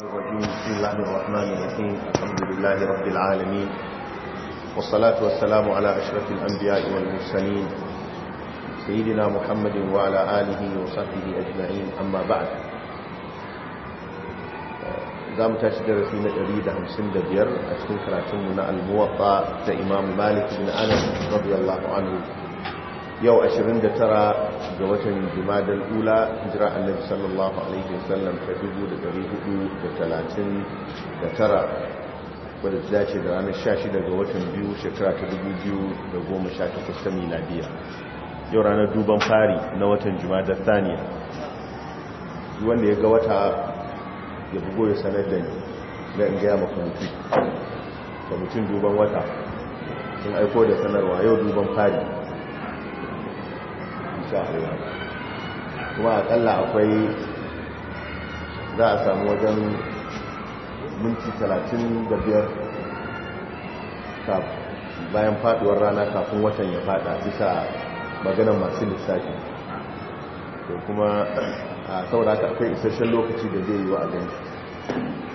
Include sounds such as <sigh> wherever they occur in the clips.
الرجيم بسم الله الرحمن الرحيم الحمد لله رب العالمين والصلاة والسلام على أشرف الأنبياء والمرسلين سيدنا محمد وعلى آله وصحبه أجمعين أما بعد زام تشجر في نقريد همسن دبير أشكر كراتمنا الموطى تإمام مالك بن أنس رضي الله عنه yau 29 ga watan jumadal ula hijira annabi sallallahu alaihi wasallam ta 439 wadda ta dace da ranar 16 ga watan biyu shekara ta 2018 ta miladiya yau ranar duban fari na watan jumadal thaniya wanda ya ga wata ya bugo ya sanar da ni na in gaya makamci kwamitin duban wata sun aiko da sanarwa yau duban fari insha Allah kuma akalla akwai za a samu wajen minti 35 bayan faduwar rana kafin watan ya fada bisa maganar masu lissafi to kuma a saboda akwai isasshen lokaci da zai yi wa abin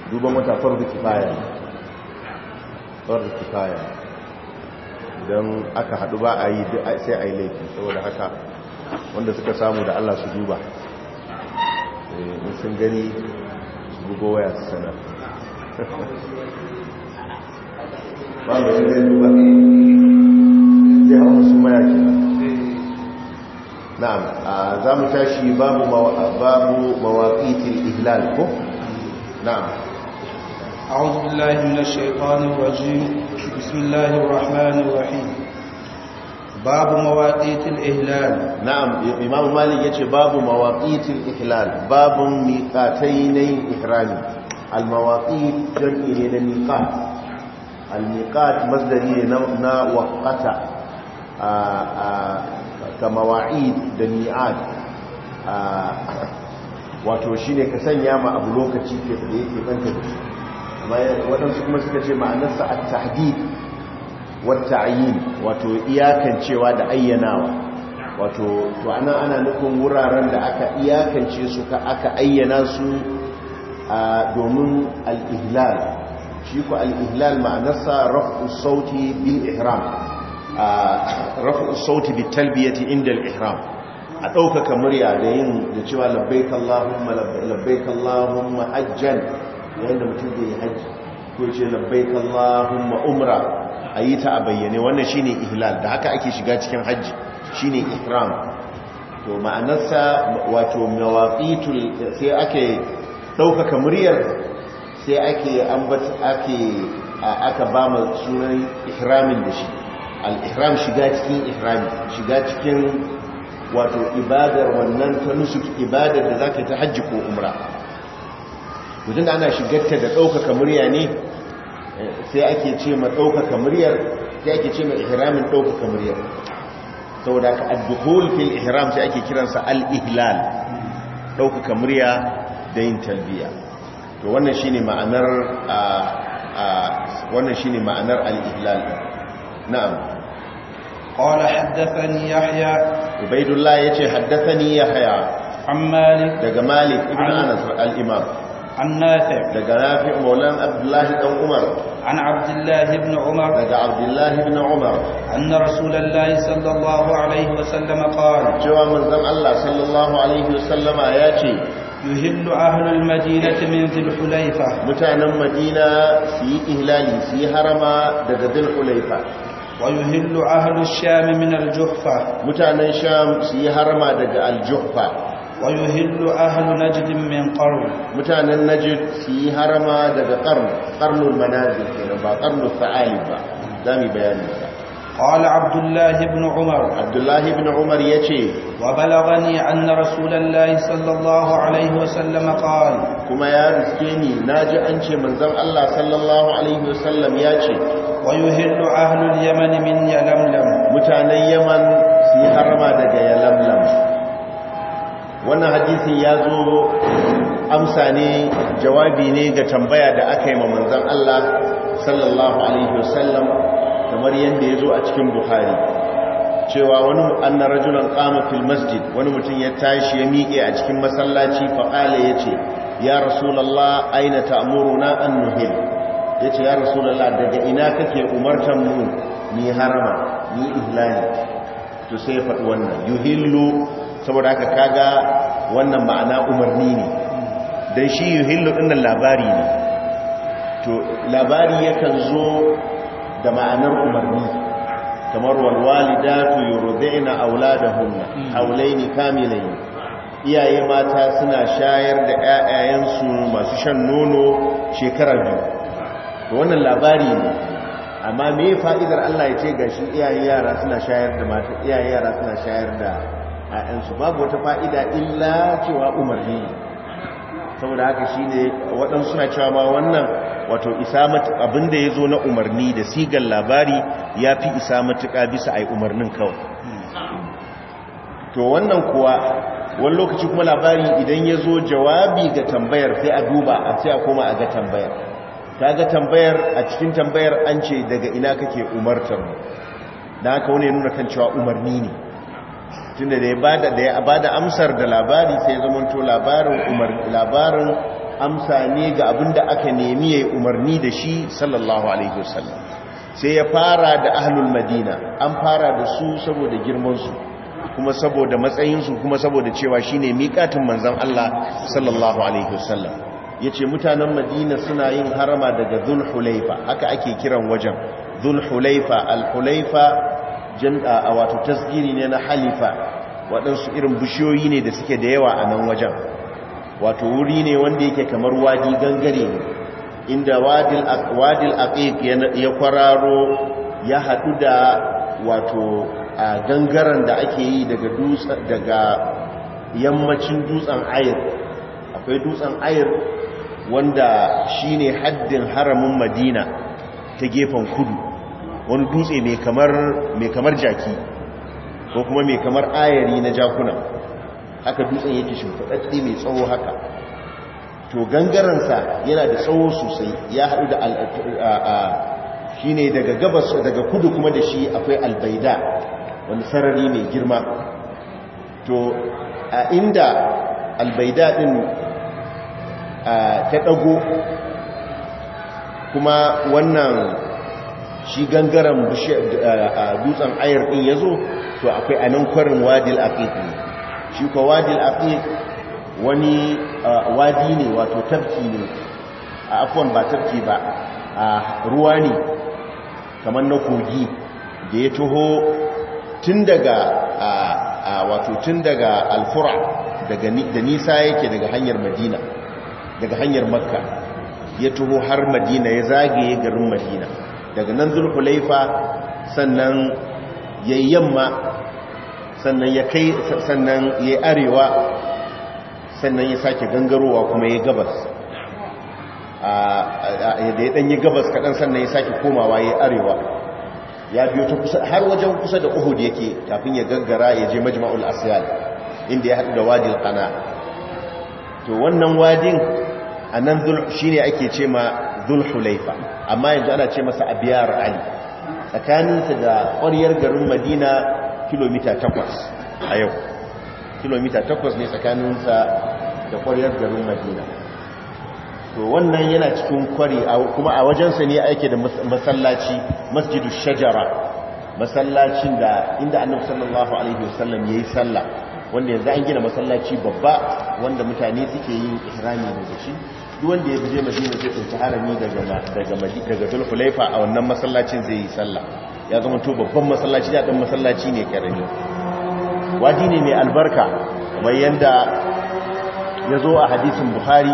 duban wata farbi kifaya farbi kifaya idan aka haɗu ba a yi sai a yi laifi saboda haka wanda suka samu da Allah su duba eh, in sun gani su bugo waya su sanar <laughs> ba da sun gani duba zai hau su maya ke na'am za mu tashi babu mawaƙitin ihlal ko na'am أعوذ بالله من الشيطان الرجيم بسم الله الرحمن الرحيم babu mawaƙitin ihlal na'am imam malik yace babu mawaqitil ihlal Babu miqatainai ihrami al mawaqit jam'i ne na miqat al miqat masdari ne na waqata ka mawa'id da mi'ad wato shine ka sanya ma abu lokaci ke da yake banta da shi amma wadansu kuma suka ce ma'anarsa at-tahdid wata'ayin wato iyakancewa da ayyanawa wato to ana nufin wuraren da aka iyakance su ka aka ayyana su domin al-ihlal shi ko al-ihlal ma'anarsa raf'u sauti bil ihram raf'u sauti bit talbiyati inda al-ihram a ɗaukaka murya da yin da cewa labbaik Allahumma labbaik Allahumma hajjan yayin da mutum zai haji ko ce labbaik Allahumma umra a yi ta a bayyane wannan shi ne ihlal da haka ake shiga cikin hajji shi ne ihram to ma'anarsa wato mawaqitul sai ake ɗaukaka muryar sai ake ambata ake aka ba mu sunan ihramin da shi al-ihram shiga cikin ihrami shiga cikin wato ibadar wannan ta nusuk ibadar da zaka ta hajji ko umra mutum ana shigarta da ɗaukaka murya ne sai ake ce ma ɗaukaka muryar sai ake ce ma ihramin ɗaukaka muryar saboda ka addukul fil ihram sai ake kiransa al-ihlal ɗaukaka murya da yin talbiya to wannan shine ma'anar wannan shine ma'anar al-ihlal na'am قال حدثني يحيى عبيد الله يجي حدثني يحيى عن مالك دغ مالك ابن انس الامام عن نافع دقى نافع مولان عبد الله بن عمر عن عبد الله بن عمر دقى عبد الله بن عمر أن رسول الله صلى الله عليه وسلم قال جوا من ذن الله صلى الله عليه وسلم آياتي يهل أهل المدينة من ذي الحليفة متعنى مدينة في إهلالي في هرما دقى ذي الحليفة ويهل أهل الشام من الجحفة متعنى شام في هرما دقى الجحفة wayo hillu ahalu najidin min ƙarnu mutanen najid su yi harama daga ƙarnu ƙarnun manajin ba ƙarnun sa'ali ba za mu bayani ba ƙwala abdullahi ibn umar abdullahi ibn umar ya ce wa balaga ni an sallallahu alaihi wasallam ƙawai kuma ya riske ni na ji an ce manzan allah sallallahu alaihi wasallam ya ce ويهل أهل اليمن Yaman يلملم متى يمن في حرمة يلملم wannan hadisin ya zo amsa ne jawabi ne ga tambaya da aka yi ma manzan Allah sallallahu alaihi wasallam kamar yadda ya zo a cikin buhari cewa wani annar rajulan qama fil masjid wani mutum ya tashi ya miƙe a cikin masallaci fa'ala ya yace ya rasulullah aina ta'muruna an nuhil yace ya rasulullah daga ina kake umartan mu ni harama ni ihlali to sai faɗi wannan yuhillu saboda haka kaga wannan ma'ana umarni ne don shi yuhillu ɗinnan labari ne to labari yakan zo da ma'anar umarni kamar walwalidatu yurdina auladahunna haulaini kamilain iyaye mata suna shayar da ƴaƴayensu masu shan nono shekarar biyu wannan labari ne amma me fa'idar Allah ya ce gashi iyaye yara suna shayar da mata iyaye yara suna shayar da 'ya'yansu babu wata fa'ida illa cewa umarni saboda haka shi ne waɗansu suna cewa ma wannan wato isa matuƙa. abinda ya zo na umarni da sigar labari ya fi isa matuƙa bisa a umarnin kawai to wannan kuwa wani lokaci kuma labari idan ya zo jawabi ga tambayar sai a duba a sai a koma a ga tambayar ta ga tambayar a cikin tambayar an ce daga ina kake umartar mu da haka wani nuna kan cewa umarni ne tunda da ya ba da amsar da labari sai ya zama to labarin amsa ne ga abin da aka nemi yayi umarni da shi sallallahu alaihi wasallam sai ya fara da ahlul madina an fara da su saboda girmansu, kuma saboda matsayinsu, kuma saboda cewa shi ne miƙatin manzan Allah sallallahu alaihi wasallam ce mutanen madina suna yin harama daga zulhulaifa hulaifa haka ake kiran wajen zulhulaifa hulaifa al hulaifa jam'a wato tasgiri ne na halifa waɗansu irin bishiyoyi ne da suke da yawa a nan wajen wato wuri ne wanda yake kamar wadi gangare ne inda wadil aqiq ya kwararo ya haɗu da wato a gangaren da ake yi daga daga yammacin dutsen ayir akwai dutsen ayir wanda shine haddin haramin madina ta gefen kudu wani dutse mai kamar jaki ko kuma mai kamar ayari na jakuna haka dutsen yake shimfaɗaɗɗe mai tsawo haka to gangaransa yana da tsawo sosai ya haɗu da shi ne daga gabas daga kudu kuma da shi akwai albaida wani sarari mai girma to a inda albaida ɗin ta ɗago kuma wannan shi gangaren dutsen ayar ɗin ya zo to akwai anan kwarin wadil aqiq ne shi ko wadil aqiq wani wadi ne wato tafki ne a afwan ba tafki ba ruwa ne kamar na kogi da ya taho tun daga wato tun daga alfura da nisa yake daga hanyar madina daga hanyar makka ya taho har madina ya zagaye garin madina daga nan zulhulaifa sannan ya yamma sannan ya kai sannan ya arewa sannan ya sake gangarowa kuma ya gabas da ya ɗanyi gabas kaɗan sannan ya sake komawa ya arewa ya biyo ta kusa har wajen kusa da uhud yake kafin ya gangara ya je majma'ul asiyal inda ya haɗu da wadin ƙana to wannan wadin a nan shi ne ake ce ma zulhulaifa amma yanzu ana ce masa abiyar ali tsakaninsa da ƙwariyar garin madina kilomita takwas a yau kilomita takwas ne tsakaninsa da ƙwariyar garin madina to wannan yana cikin kwari kuma a wajensa ne ake da masallaci masjidu shajara masallacin da inda annabi sallallahu alaihi wasallam yayi sallah wanda yanzu an gina masallaci babba wanda mutane suke yin ihrami da shi duk wanda ya je madina zai kunci harami daga daga a wannan masallacin zai yi sallah ya zama to babban masallaci da ɗan masallaci ne karami wadi ne mai albarka kamar yadda ya zo a hadisin buhari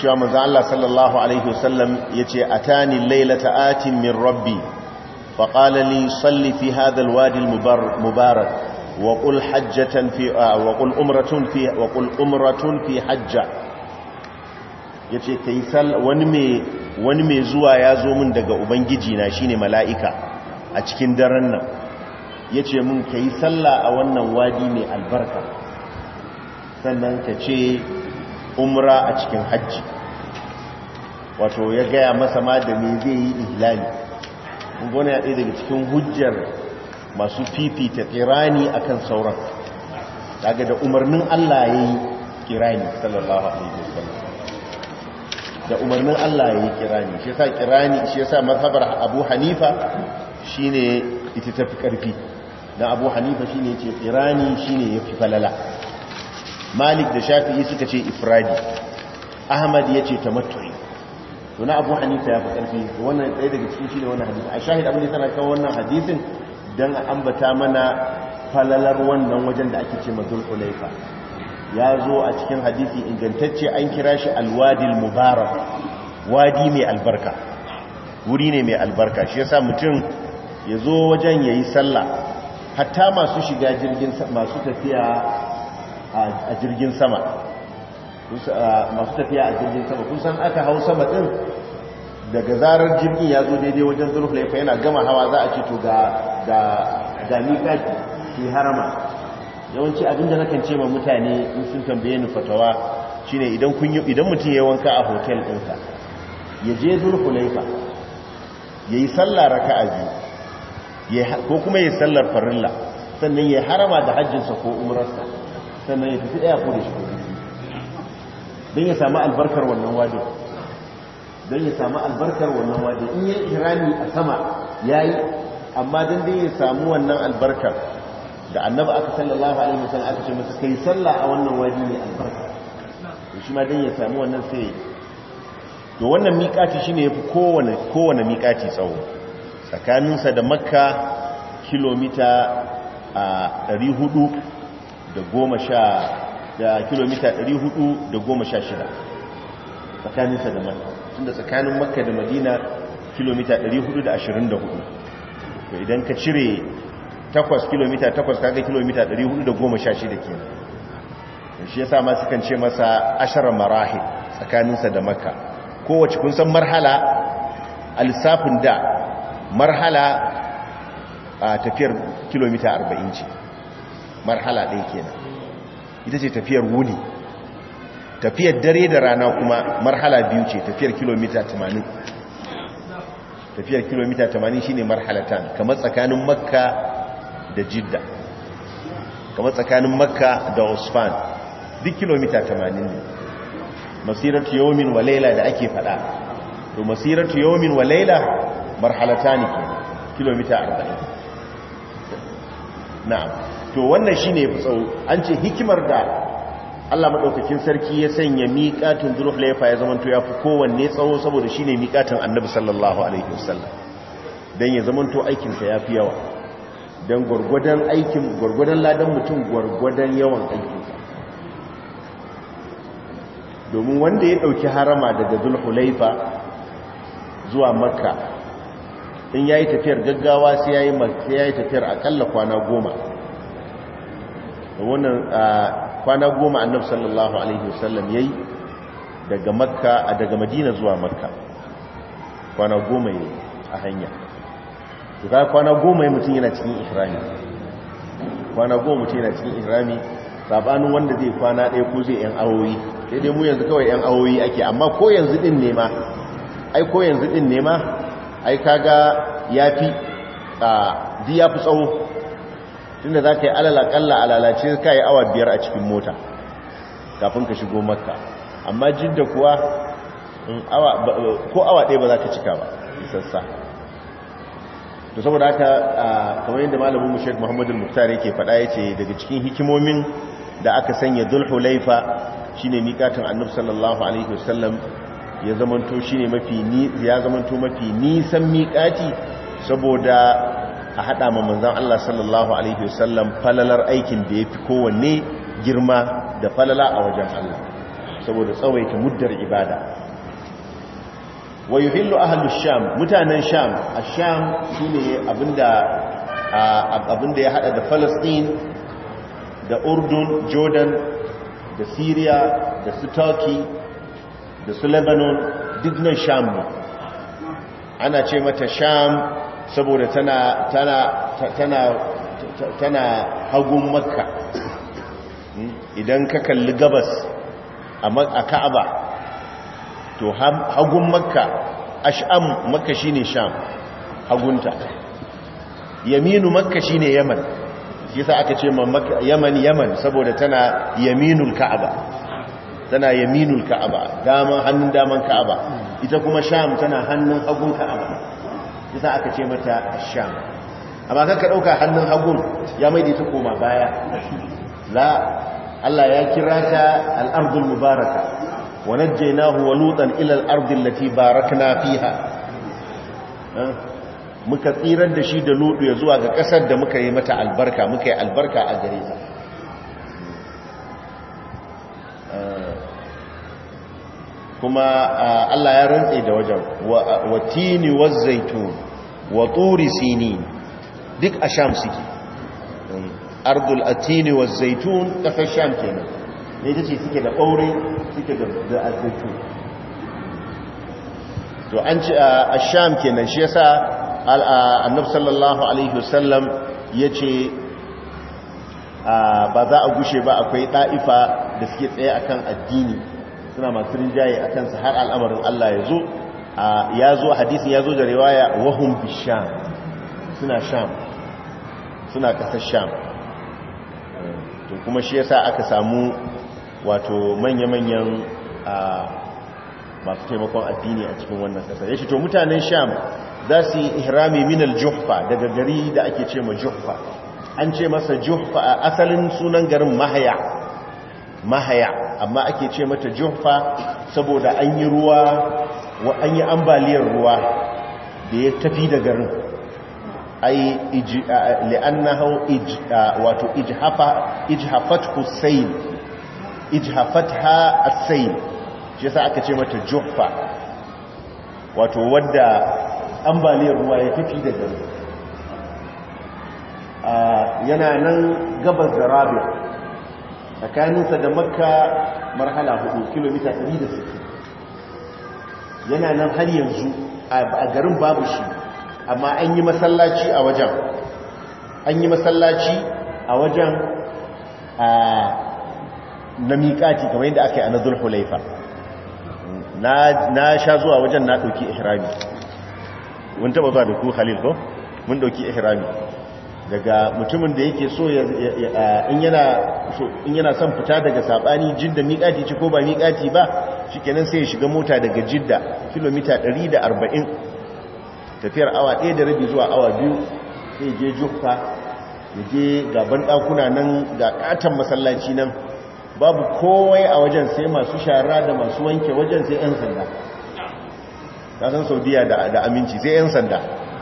cewa manzo Allah sallallahu alaihi wasallam yace atani laylata atin min rabbi fa salli fi hadha alwadi almubarak wa fi umratun fi hajja ya ce wani mai zuwa ya zo min daga ubangiji na shine mala'ika a cikin daren nan ya ce min ka yi sallah a wannan wadi mai albarka sannan ka ce umra a cikin hajji wato ya gaya masa ma da me zai yi ihlali gona ya ɗaya daga cikin hujjar masu fifita kirani kan sauran daga da umarnin allah ya yi kirani sallallahu alaihi wasallam da umarnin Allah ya yi kirani shi yasa kirani shi yasa marhabar Abu Hanifa shine ita tafi karfi dan Abu Hanifa shine yace kirani shine yafi falala Malik da Shafi'i suka ce ifradi Ahmad yace tamattu'i to na Abu Hanifa ya fi karfi wannan tsaye daga cikin shine wannan hadisi a shahid abin da tana kawo wannan hadisin dan ambata mana falalar wannan wajen da ake ce mazul ulaifa ya zo a cikin hadisi ingantacce an kira shi alwadil mubarak wadi mai albarka wuri ne mai albarka shi yasa mutum ya zo wajen ya sallah hatta masu shiga jirgin masu tafiya a jirgin sama masu tafiya a jirgin sama kusan aka hau sama din daga zarar jirgin ya zo daidai wajen zurfa yana gama hawa za a ce to ga ga ga ki harama yawanci abinda na kan ce ma mutane in sun tambaye ni fatawa shine idan kun yi idan mutum ya wanka a hotel ɗinka ya je zulhulaifa ya yi sallah raka'a biyu ko kuma ya sallar farilla sannan ya harama da hajjinsa ko umrarsa sannan ya tafi ɗaya ko da shi don ya samu albarkar wannan wajen don ya samu albarkar wannan wajen in yi ihrami a sama ya yi amma don dai ya samu wannan albarkar da annaba aka sallallahu alaihi wasallam aka ce masa kai sallah a wannan waje ne albarka shi ma dan ya samu wannan sai to wannan miqati shine yafi kowane kowane miqati tsawo tsakanin sa da makka kilomita a 400 da goma sha da kilomita 400 da goma sha shida tsakanin sa da makka tunda tsakanin makka da madina kilomita 424 to idan ka cire takwas kilomita takwas kaga kilomita 416 kenan shi yasa ma sukan ce masa ashara marahil tsakaninsa da makka kowace kun san marhala alisafin da marhala a tafiyar kilomita 40 ce marhala ɗaya kenan ita ce tafiyar wuni tafiyar dare da rana kuma marhala biyu ce tafiyar kilomita 80 tafiyar kilomita 80 shine marhalatan kamar tsakanin makka da jidda kamar tsakanin makka da usfan duk kilomita 80 ne masiratu yawmin wa laila da ake fada to masiratu yawmin wa laila ne kilomita 40 na'am to wannan shine fi tsawo an ce hikimar da Allah madaukakin sarki ya sanya miqatun laifa ya zamanto fi kowanne tsawo saboda shine miqatun annabi sallallahu alaihi wasallam dan ya zamanto aikin sa fi yawa don gwargwadon aikin gwargwadon ladan mutum gwargwadon yawan aikinsa domin wanda ya ɗauki harama daga zulhulaifa zuwa makka in ya yi tafiyar gaggawa sai ya yi tafiyar akalla kwana goma wannan kwana goma annab sallallahu alaihi wasallam ya yi daga madina zuwa makka kwana goma ya yi a hanya to kwana goma ya mutum yana cikin ikirami kwana goma mutum yana cikin ikirami sabanin wanda zai kwana ɗaya ko zai yan awoyi sai dai mu yanzu kawai yan awoyi ake amma ko yanzu ɗin nema, ai ko yanzu ɗin nema, ai kaga fi, a di fi tsawo tunda za ka yi alala a lalace, ka yi awa biyar a cikin mota kafin ka shigo makka amma jidda kuwa ko awa ɗaya ba za ka cika ba sassa to saboda haka kamar yadda malamin mu Sheikh Muhammad al-Muftar yake faɗa yace daga cikin hikimomin da aka sanya Dhul-Hulaifa shine miƙatin Annabi sallallahu alaihi wasallam ya zamanto shine mafi ni ya zamanto mafi nisan miƙati saboda a hada ma manzon Allah sallallahu alaihi wasallam falalar aikin da yafi kowanne girma da falala a wajen Allah saboda tsawaita muddar ibada wa yuhillu ahlus sham mutanen sham a sham shine abinda abinda ya hada da Palestine da Urdun Jordan da Syria da su Turkey da su Lebanon duk nan sham ne ana ce mata sham saboda tana tana hagun makka hmm? idan ka kalli gabas a ka'aba to hagun makka ash'am makka shine sham hagunta yaminu makka shine yaman yasa aka ce makka yaman yaman saboda tana yaminul ka'aba tana yaminul ka'aba daman hannun daman ka'aba ita kuma sham tana hannun hagun ka'aba yasa aka ce mata sham amma kanka dauka hannun hagun ya maida ta koma baya la Allah ya kira ta al-ardul mubaraka wa najjaynahu wa lutan ila al-ardi allati barakna fiha muka tsirar da shi da lutu ya zuwa ga kasar da muka yi mata albarka muka yi albarka a gare ta kuma Allah ya rantse da wajen wa tini wa zaitun wa turi sini duk a sham suke ardul atini wa zaitun kasar sham kenan da ita ce suke da ɓaure suke da azzaki to an ce a sham kenan shi yasa annab sallallahu alaihi wasallam ya ce ba za a gushe ba akwai ɗa'ifa da suke tsaye a kan addini suna masu rinjaye a kansu har al'amarin Allah ya zo ya zo hadisin ya zo da riwaya wahun bi sham suna sham suna ƙasar sham to kuma shi yasa aka samu wato manya-manyan masu taimakon addini a cikin wannan ƙasa ya ce to mutanen sham za su yi ihrami minal juhfa daga gari da ake ce ma juhfa an ce masa juhfa a asalin sunan garin mahaya mahaya amma ake ce mata juhfa saboda an yi ruwa wa an yi ambaliyar ruwa da ya tafi da garin ai li'annahu wato ijhafa ijhafat ijhafatha a sai shi yasa aka ce mata juffa wato wadda ambaliyar ruwa ya tafi da gari yana nan gabas da rabia tsakaninsa da makka marhala 4 kilomita 160 yana nan har yanzu a garin babu shi amma an yi masallaci a wajen an yi masallaci a wajen a na miƙati kamar yadda aka yi a na hulaifa na sha zuwa wajen na ɗauki ihrami mun taɓa zuwa da ku halil ko mun ɗauki ihrami daga mutumin da yake so in yana son fita daga saɓani jidda miƙati ci ko ba miƙati ba shi kenan sai ya shiga mota daga jidda kilomita 140 tafiyar awa ɗaya da rabi zuwa awa biyu sai je jufa ya je gaban ɗakuna nan ga ƙatan masallaci nan babu kowai a wajen sai masu shara da masu wanke wajen sai 'yan sanda ta san saudiya da aminci sai 'yan sanda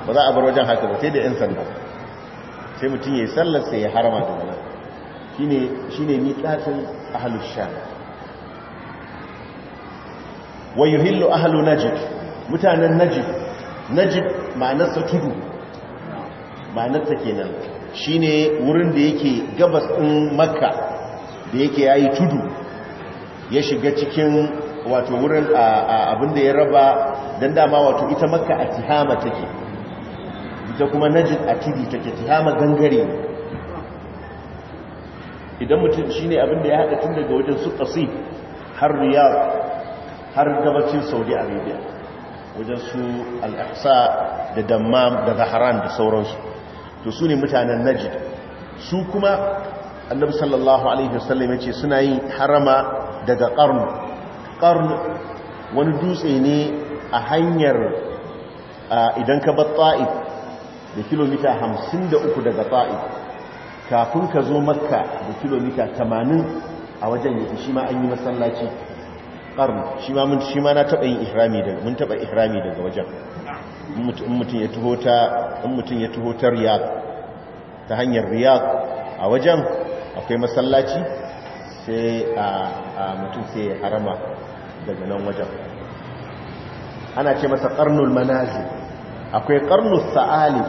ba za a bar wajen haka ba sai da 'yan sanda sai mutum ya yi sallar sai ya harama da wani shi ne miƙatin ahalusha wayo hillo ahalu najib mutanen najib najib ma'anarsa tudu ma'anarsa kenan shi ne wurin da yake gabas ɗin makka da yake ya yi tudu ya shiga cikin wato wurin abinda ya raba don dama wato ita maka a tihama take ita kuma najid a tudu take tihama gangare idan mutum shi ne abinda ya haɗa tun daga wajen su ƙasi har riyar har gabacin saudi arabia wajen su al'asa da damam da zaharan da sauransu to su ne mutanen najid su kuma annabi sallallahu alaihi wasallam ya ce suna yin harama daga ƙarnu ƙarnu wani dutse ne a hanyar idan ka bar ta'if da kilomita 53 daga ta'if kafin ka zo makka da kilomita 80 a wajen yake shi ma an yi masallaci ƙarnu shi ma mun shi ma na taɓa yin ihrami da mun taɓa ihrami daga wajen mutum ya tuho in mutum ya tuho ta riyad ta hanyar riyad a wajen akwai masallaci sai a mutum sai harama daga nan wajen ana ce masa karnul manazi akwai karnul sa'ali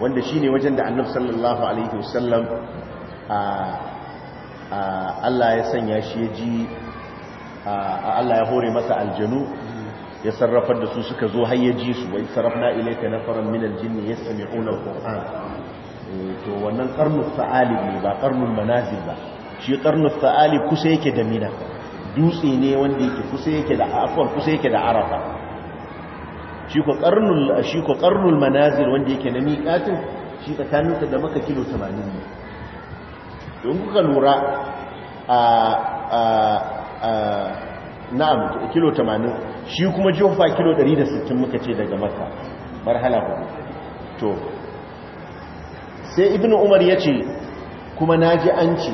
wanda shine wajen da annabi sallallahu alaihi wasallam Allah ya sanya shi ya ji Allah ya hore masa aljanu ya sarrafar da su suka zo har ya ji su wai sarrafna ilayka nafaran min aljinni yastami'una alquran Eh, to wannan karnus sa'alib ne ba karnun manazil ba shi karnus sa'alib kusa yake da mina dutse ne wanda yake kusa yake da afwan kusa yake da arafa shi ko karnul shi ko karnul manazil wanda yake na miqatin shi tsakaninsa da maka kilo 80 ne don kuka lura a a a na'am kilo 80 shi kuma jofa kilo 160 muka ce daga maka marhala ku to sai ibn umar ya ce kuma na ji an ce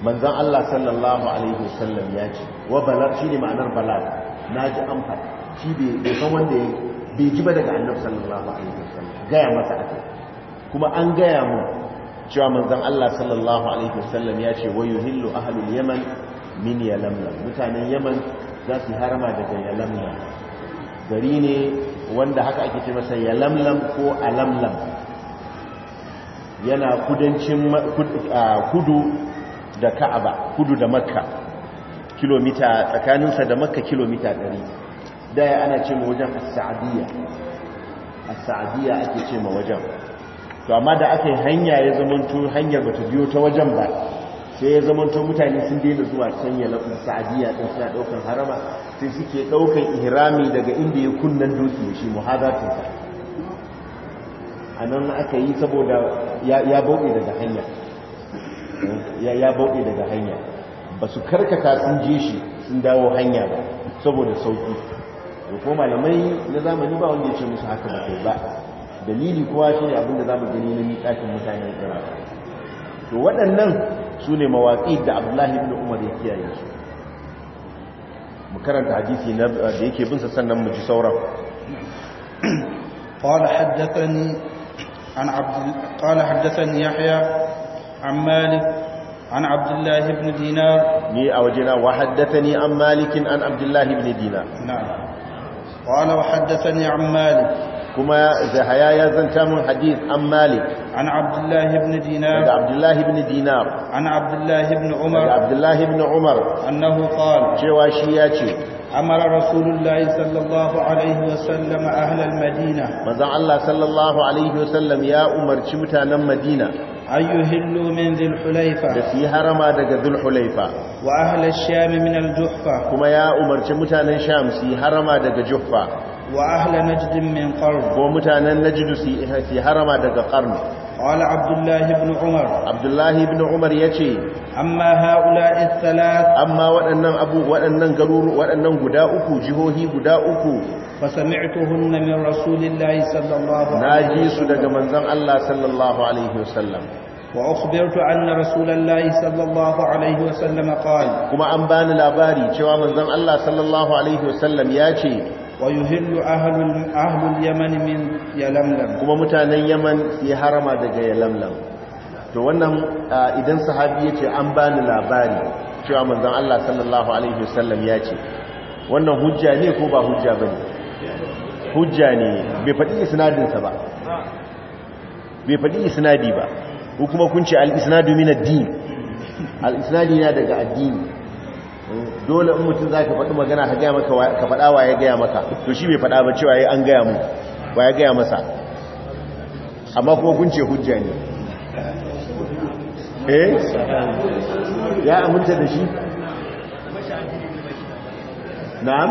manzan Allah sallallahu alaihi wasallam ya ce wa balar shi ne ma'anar balar na ji an faɗi shi bai san wanda ya bai ji ba daga annab sallallahu alaihi wasallam gaya masa ake kuma an gaya mu cewa manzan Allah sallallahu alaihi wasallam ya ce wa yuhillu ahlul yaman min yalamlam mutanen yaman za su harama daga yalamlam gari ne wanda haka ake ce masa yalamlam ko alamlam yana kudancin kudu da ka'aba kudu da makka kilomita tsakaninsa da makka kilomita 100 ya ana ce ma wajen as-sa'adiyya as-sa'adiyya ake ce ma wajen to amma da aka yi hanya ya zamanto hanyar bata biyo ta wajen ba sai ya zamanto mutane sun daina zuwa can ya lafin sa'adiyya ɗin suna ɗaukar harama sai suke ɗaukar ihrami daga inda ya kunnan doki shi muhadatinsa a nan aka yi saboda ya bauɗe daga hanya ya bauɗe daga hanya ba su karkata sun je shi sun dawo hanya ba saboda sauki da kuma malamai na zamani ba wanda ya ce musu haka ba ba dalili kowa shi ne abinda za mu gani na miƙaƙin mutanen kira to waɗannan su ne mawaƙi da abdullahi ibn umar ya kiyaye su mu karanta hadisi da yake binsa sannan mu ji sauran قال حدثني عن عبد قال حدثني يحيى عن مالك عن عبد الله بن دينار ني أوجنا وحدثني عن مالك عن عبد الله بن دينار نعم قال وحدثني عن مالك كما زهيا يزن تام حديث عن مالك عن عبد الله بن دينار عبد الله بن دينار عن عبد الله بن عمر عبد الله بن عمر أنه قال شواشياتي أمر رسول الله صلى الله عليه وسلم أهل المدينة مزع الله صلى الله عليه وسلم يا أمر شمتانا مدينة أن يهلوا من ذي الحليفة دسي هرما دق ذي الحليفة وأهل الشام من الجحفة كما يا أمر شمتانا شام سي هرما دق جحفة وأهل نجد من قرن ومتانا نجد سي هرما دق قرن قال عبد الله بن عمر عبد الله بن عمر يتي amma haula istalat amma waɗannan abu waɗannan garuru waɗannan guda uku jihohi guda uku fa sami'tuhunna min rasulillahi sallallahu alaihi naji su daga manzon Allah sallallahu alaihi wasallam wa ukhbirtu anna rasulallahi sallallahu alaihi wasallam qala kuma an bani labari cewa manzon Allah sallallahu alaihi wasallam ya ce wa yuhillu ahlul ahlul yaman min yalamlam kuma mutanen yaman su harama daga yalamlam to wannan idan sahabi ya ce an bani labari cewa manzon Allah sallallahu alaihi wasallam ya ce wannan hujja ne ko ba hujja bane hujja ne bai faɗi isnadinsa ba bai faɗi isnadi ba ko kuma kun ce al-isnadu min ad-din al-isnadi yana daga addini dole in mutum zaka faɗi magana ka gaya maka ka faɗa wa ya gaya maka to shi bai faɗa ba cewa yayi an gaya mu wa ya gaya masa amma kuma kun ce hujja ne eh ya aminta da shi na'am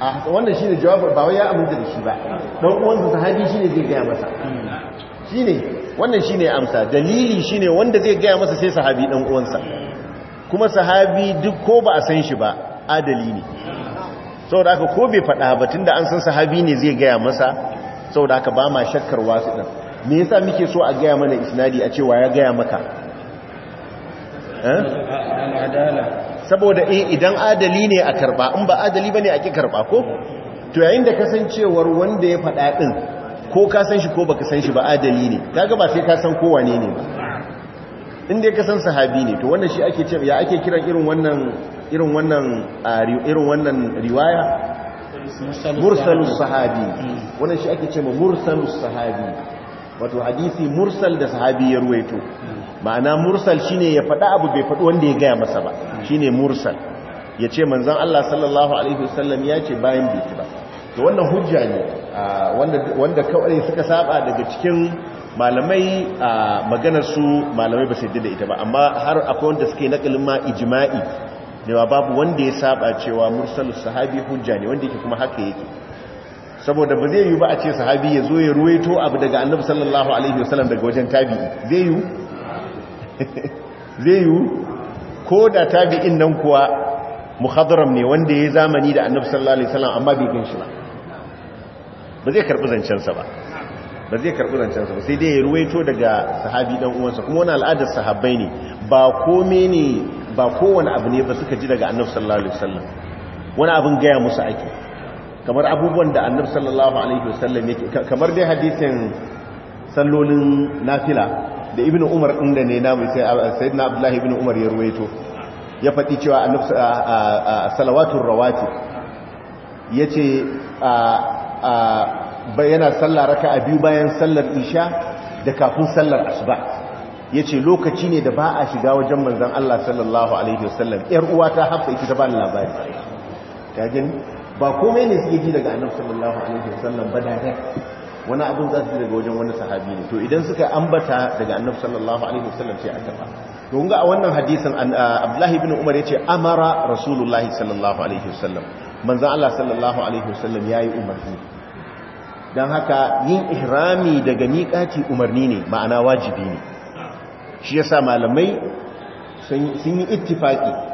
a ah, wannan shi ne jawabar ba wai ya aminta da shi ba don uwansa sahabi shi ne zai gaya masa shi ne wannan shi ne amsa dalili shi ne wanda zai gaya masa sai sahabi ɗan uwansa kuma sahabi duk ko ba a san shi ba adali ne saboda aka ko bai faɗa ba tunda an san sahabi ne zai gaya masa saboda aka ba ma shakkar wasu ɗin me yasa muke so a gaya mana isnadi a cewa ya gaya maka eh? saboda eh, idan adali ne a karba in ba adali bane a ki karba ko to yayin da kasancewar wanda ya faɗa din ko ka san shi ko baka san shi ba adali ne kaga ba sai ka san kowa ne ne In dai ka san sahabi ne to wannan shi ake ce ya ake kiran irin wannan irin wannan irin wannan riwaya mursalus sahabi hmm. wannan shi ake ce mursalus sahabi wato hadisi mursal da sahabi ya ruwaito ma'ana mursal shine ya faɗa abu bai faɗi wanda ya gaya masa ba shine mursal ya ce manzan Allah sallallahu alaihi wasallam ya ce bayan bai ba to wannan hujja ne wanda kawai suka saba daga cikin malamai a maganar su malamai ba su yadda da ita ba amma har akwai wanda suke nakalin ma ijma'i ne babu wanda ya saba cewa mursalus sahabi hujja ne wanda yake kuma haka yake saboda ba zai yi ba a ce sahabi ya zo ya ruwaito abu daga annabi sallallahu alaihi wasallam daga wajen tabi'i zai yi <laughs> zai yi ko da tabi'in nan kuwa muhadaram ne wanda ya zamani da annabi sallallahu alaihi wasallam amma bai shi ba ba zai karbi zancensa ba ba zai karbi zancensa ba sai dai ya ruwaito daga sahabi dan uwansa kuma wani al'adar sahabbai ne ba kome ne ba kowane abu ne ba suka ji daga annabi sallallahu alaihi wasallam wani abin gaya musu ake kamar abubuwan da annabi sallallahu alaihi wasallam yake kamar dai hadisin sallolin nafila da ibnu umar din da ne namu sai sayyidina abdullahi ibnu umar ya ruwaito ya faɗi cewa annabi salawatul rawati yace yana sallah raka'a biyu bayan sallar isha da kafin sallar asuba yace lokaci ne da ba a shiga wajen manzon Allah sallallahu alaihi wasallam yar uwa ta hafsa ita ta bani labari ta gani ba komai ne suke ji daga annabta sallallahu alaihi wasallam ba da wani abin za su daga wajen wani sahabi ne to idan suka ambata daga annabta sallallahu alaihi wasallam sai an taba to kun ga a wannan hadisin Abdullahi ibn Umar yace amara Rasulullahi sallallahu alaihi wasallam manzon Allah sallallahu alaihi wasallam yayi umarni dan haka yin ihrami daga miƙati umarni ne ma'ana wajibi ne shi yasa malamai sun yi ittifaqi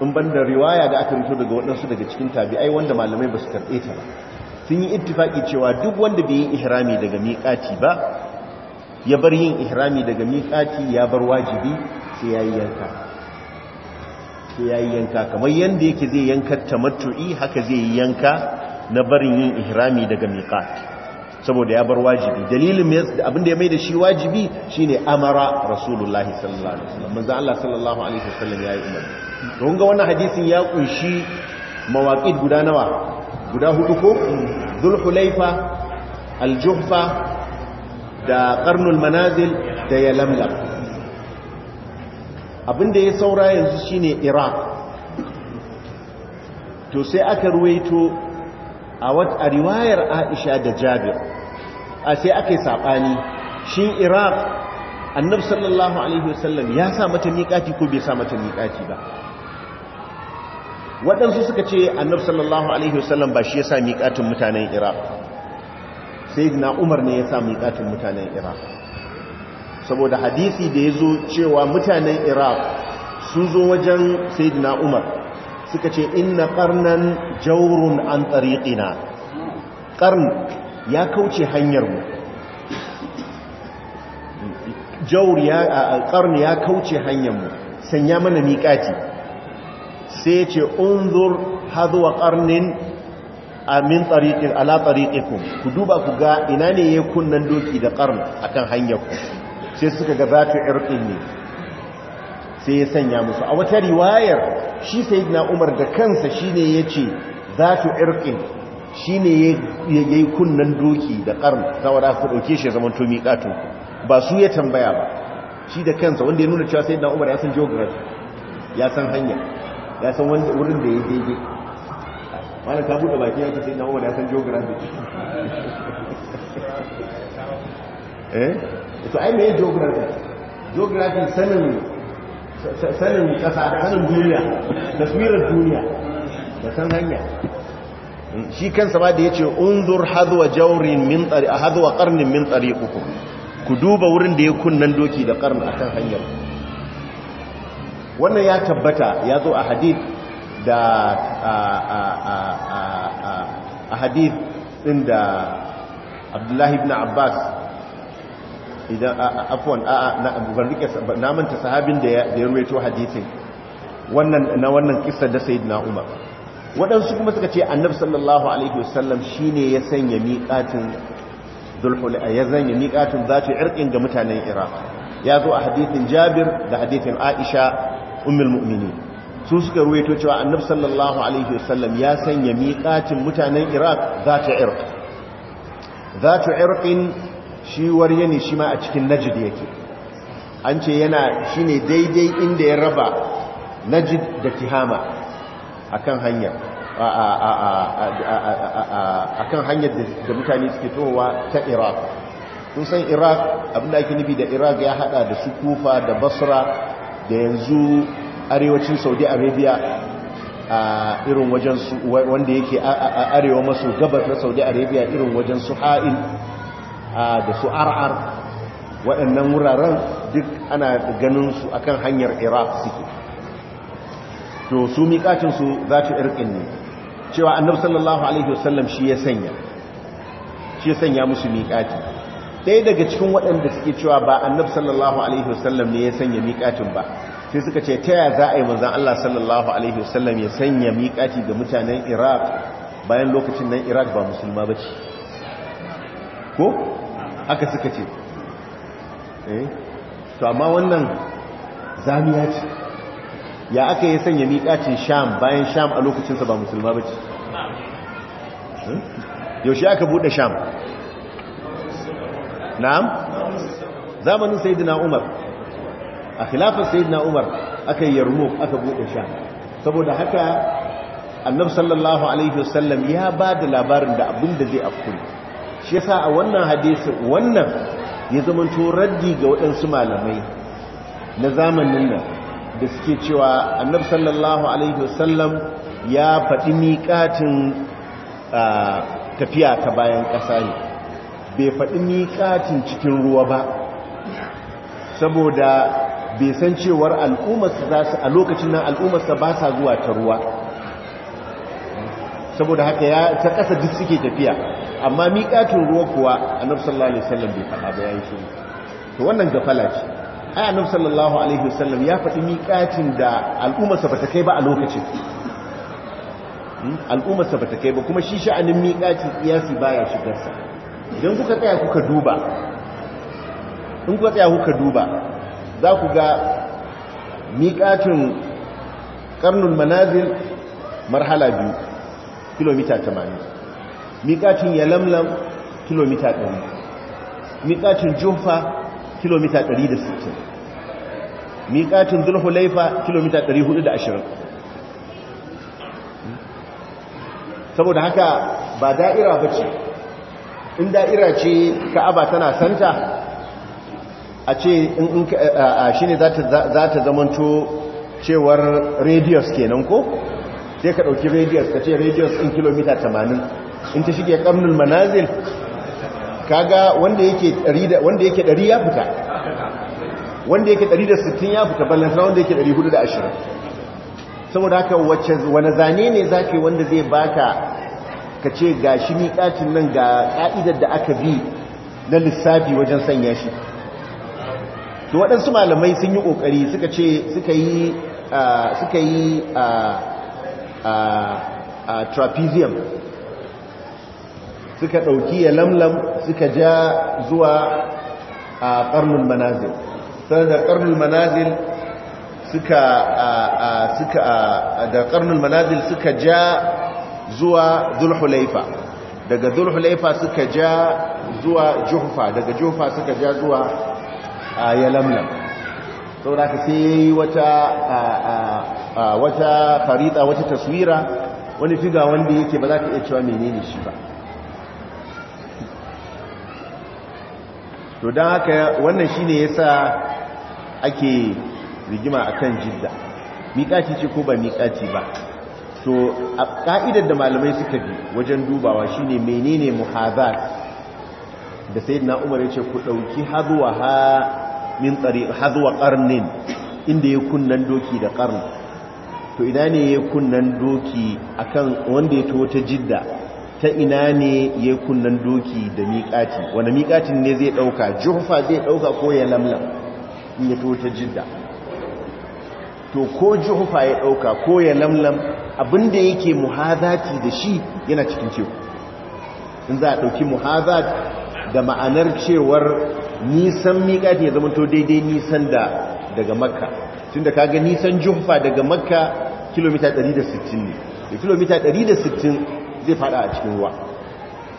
in ban da riwaya da aka rito daga waɗansu daga cikin tabi'ai wanda malamai ba su karɓe ta ba sun yi ittifaki cewa duk wanda bai yi ihrami daga miƙati ba ya bar yin ihrami daga miƙati ya bar wajibi sai ya yi yanka sai ya yanka kamar yadda yake zai yanka tamattu'i haka zai yi yanka na barin yin ihrami daga miƙati saboda ya bar wajibi dalilin abinda ya mai da shi wajibi shine amara rasulullahi sallallahu alaihi wasallam manzo Allah sallallahu alaihi wasallam yi umarni don ga wannan hadisin ya kunshi mawaqit guda nawa guda hudu ko dhulhulaifa aljuhfa da qarnul manazil da yalamlam abinda ya saura yanzu shine iraq to sai aka ruwaito a riwayar aisha da jabir a sai aka yi saɓani shi iraq annab sallallahu alaihi wasallam ya sa mata miƙati ko bai sa mata miƙati ba waɗansu suka ce annab sallallahu alaihi wasallam ba shi ya sa miƙatin mutanen iraq sai na umar ne ya sa miƙatin mutanen iraq saboda hadisi da ya zo cewa mutanen iraq sun zo wajen sayyidina umar suka ce inna karnan jaurun an tsariƙina ƙarni ya kauce hanyar mu jaur ya ya kauce hanyar mu sanya mana miƙaci. sai ya ce unzur ƙarnin qarnin amin tariqin ala ku duba ku ga ina ne ya kunnan doki da a akan hanyar ku sai suka ga za ta irqin ne sai ya sanya musu a wata riwayar shi sai na umar da kansa shi ne ya ce za ta irƙi shi ne ya yi kunnan doki da ƙarni ta wada ku ɗauke shi zaman tomi ƙatun ba su ya tambaya ba shi da kansa wanda ya nuna cewa sai na umar ya san geography ya san hanya ya san wurin da ya daidai wani ta buɗe baki ya ce sai na umar ya san geography <laughs> eh to ai mai geography geography sanin sanin ƙasa sanin duniya taswirar duniya da san hanya shi kansa ba da yace unzur hadwa jawrin min a hadwa karnin min uku ku duba wurin da ya kunnan doki da a akan hanyar wannan ya tabbata ya zo a hadith da a hadith din da Abdullahi ibn Abbas idan afwan a na namanta sahabin da ya rawaito hadithin wannan na wannan kissa da Sayyidina Umar waɗansu kuma suka ce annabi sallallahu alaihi wasallam shine ya sanya miƙatin zulhulaifa eh, ya sanya miƙatin zati irqin ga mutanen iraq ya zo a hadithin jabir da hadithin aisha ummul mu'minin su suka ruwaito cewa annabi sallallahu alaihi wasallam ya sanya miƙatin mutanen iraq zati irq zati irqin shi warye ne shi ma a cikin najd yake an ce yana shine daidai inda ya raba najd da tihama akan hanya hanyar da mutane suke towa ta iraq kun san iraq abinda ake nufi da iraq ya hada da su kufa da basra da yanzu arewacin saudi arabia a irin wajen su wanda yake a arewa maso gabar na saudi arabia irin wajen su ha'in da su ar'ar waɗannan wuraren duk ana ganin su akan hanyar iraq suke to su miƙacin su za su irƙin ne cewa annabi sallallahu alaihi wasallam shi ya sanya shi ya sanya musu miƙaci ɗaya daga cikin waɗanda suke cewa ba annabi sallallahu alaihi wasallam ne ya sanya miƙacin ba sai suka ce ta yaya za a yi mazan Allah sallallahu alaihi wasallam ya sanya miƙaci ga mutanen Iraq bayan lokacin nan Iraq ba musulma ba ce ko aka suka ce eh to amma wannan zamiya ce ya aka yi sanya miƙacin sham bayan sham a lokacinsa ba musulma ba ce hmm? yaushe aka buɗe sham na'am zamanin sayidina umar a khilafar sayidina umar aka yi yarmouk aka buɗe sham saboda haka annabi sallallahu alaihi wasallam ya ba da labarin da abin da zai afku shi yasa a wannan hadisi wannan ya zama to raddi ga waɗansu malamai na zamanin nan da suke cewa annab sallallahu alaihi wasallam ya faɗi miƙatin tafiya ta bayan ƙasa ne bai faɗi miƙatin cikin ruwa ba saboda bai san cewar al'ummarsa za su a lokacin nan al'ummarsa ba sa zuwa ta ruwa saboda haka ya ta ƙasa duk suke tafiya amma miƙatin ruwa kuwa annab sallallahu alaihi wasallam bai faɗa ba ya yi shi to wannan gafala ce ai annabi sallallahu alaihi wasallam ya faɗi miƙacin da al'ummarsa ta kai ba a lokacin hmm? al'ummarsa ta kai ba kuma shi sha'anin ƙiyasi ba ya shigarsa idan kuka tsaya kuka duba in kuka tsaya kuka duba za ku ga miƙacin ƙarnul manazil marhala biyu kilomita 80 miƙatin yalamlam kilomita ɗari miƙacin jufa kilomita 160 miƙatin zulhulaifa kilomita 420 saboda haka ba da'ira ba ce in da'ira ce ka'aba tana santa a ce shi ne za ta zamanto cewar radius kenan ko sai ka ɗauki radius ka ce radius in kilomita 80 in ta shige ƙamnul manazil kaga wanda yake da wanda yake 100 ya fita wanda yake da sittin ya fita ballan wanda yake 420 saboda haka wacce wani zane ne zake wanda zai baka ka ce ga shi miƙatin nan ga ƙa'idar da aka bi na lissafi wajen sanya shi to waɗansu malamai sun yi ƙoƙari suka ce suka yi suka yi trapezium suka ɗauki ya lamlam suka ja zuwa a ƙarnin manazil sanar da ƙarnin manazil suka suka da ƙarnin manazil suka ja zuwa zulhulaifa daga zulhulaifa suka ja zuwa juhufa daga juhufa suka ja zuwa ya lamlam sau da ka sai wata wata farida wata taswira wani figa wanda yake ba za ka iya cewa menene shi ba to don haka wannan shine yasa ake rigima a kan jidda miƙaci ce ko ba miƙaci ba to a ƙa'idar da malamai suka bi wajen dubawa shine menene muhazar? da sai na umar ya ce ku ɗauki hazuwa ha min tsari hazuwa ƙarnin inda ya kunnan doki da ƙarni to idan ne ya kunnan doki a kan wanda ya to ta jidda ta ina ne ya kunnan doki da miƙati wanda miƙatin ne zai ɗauka jufa zai ɗauka ko ya lamlam in ya to ta jidda to ko jufa ya ɗauka ko ya lamlam abinda yake muhazati da shi yana cikin teku in za a ɗauki muhazati, da ma'anar cewar nisan miƙati ya zama to daidai nisan da daga makka tun da kaga nisan jufa daga makka kilomita 160 ne da kilomita 160 zai fada a cikin ruwa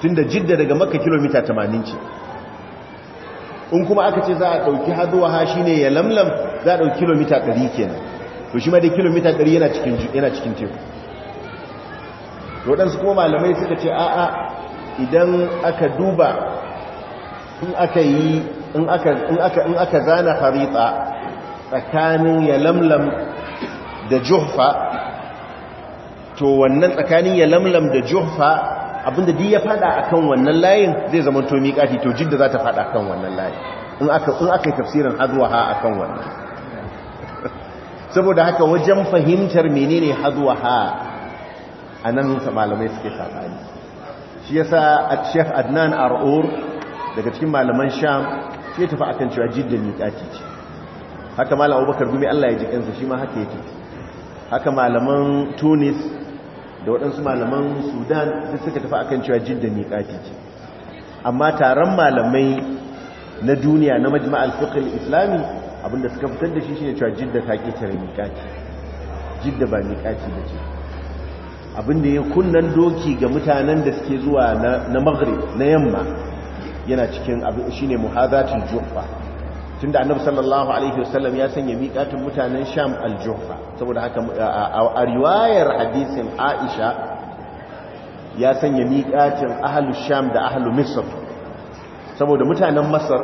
tunda jidda daga makka kilomita 80 ce in kuma aka ce za a dauki hazuwa ha shine ya lamlam za a dauki kilomita 100 kenan to shi ma dai kilomita 100 yana cikin yana cikin teku waɗansu kuma malamai suka ce a'a idan aka duba in aka yi in aka zana harita tsakanin ya lamlam da juhfa to wannan tsakanin ya lamlam da juhfa abinda duk ya fada akan wannan layin zai zama to miƙati to jidda za ta fada akan wannan layin in aka in aka tafsirin hadwaha akan wannan <laughs> saboda haka wajen fahimtar menene hadwaha anan sa malamai suke sabani shi yasa al-Sheikh Adnan Arur daga cikin malaman Sham sai tafi akan cewa jidda miƙati ce haka malam Abubakar Gumi Allah ya ji kansa shi ma haka yake haka malaman Tunis da waɗansu malaman sudan sai suka tafi akan cewa jidda miƙati ce amma taron malamai na duniya na majma'al fiqh islami abinda suka fitar da shi shine cewa jidda ta ke tare miƙati jidda ba miƙati ba ce abinda ya kunnan doki ga mutanen da suke zuwa na maghrib na yamma yana cikin abin shine muhadatul jufa tunda annabu sallallahu alaihi wasallam ya sanya miƙatin mutanen sham aljuhfa saboda haka a riwayar hadisin aisha ya sanya miƙatin ahlu sham da ahlu misr saboda mutanen masar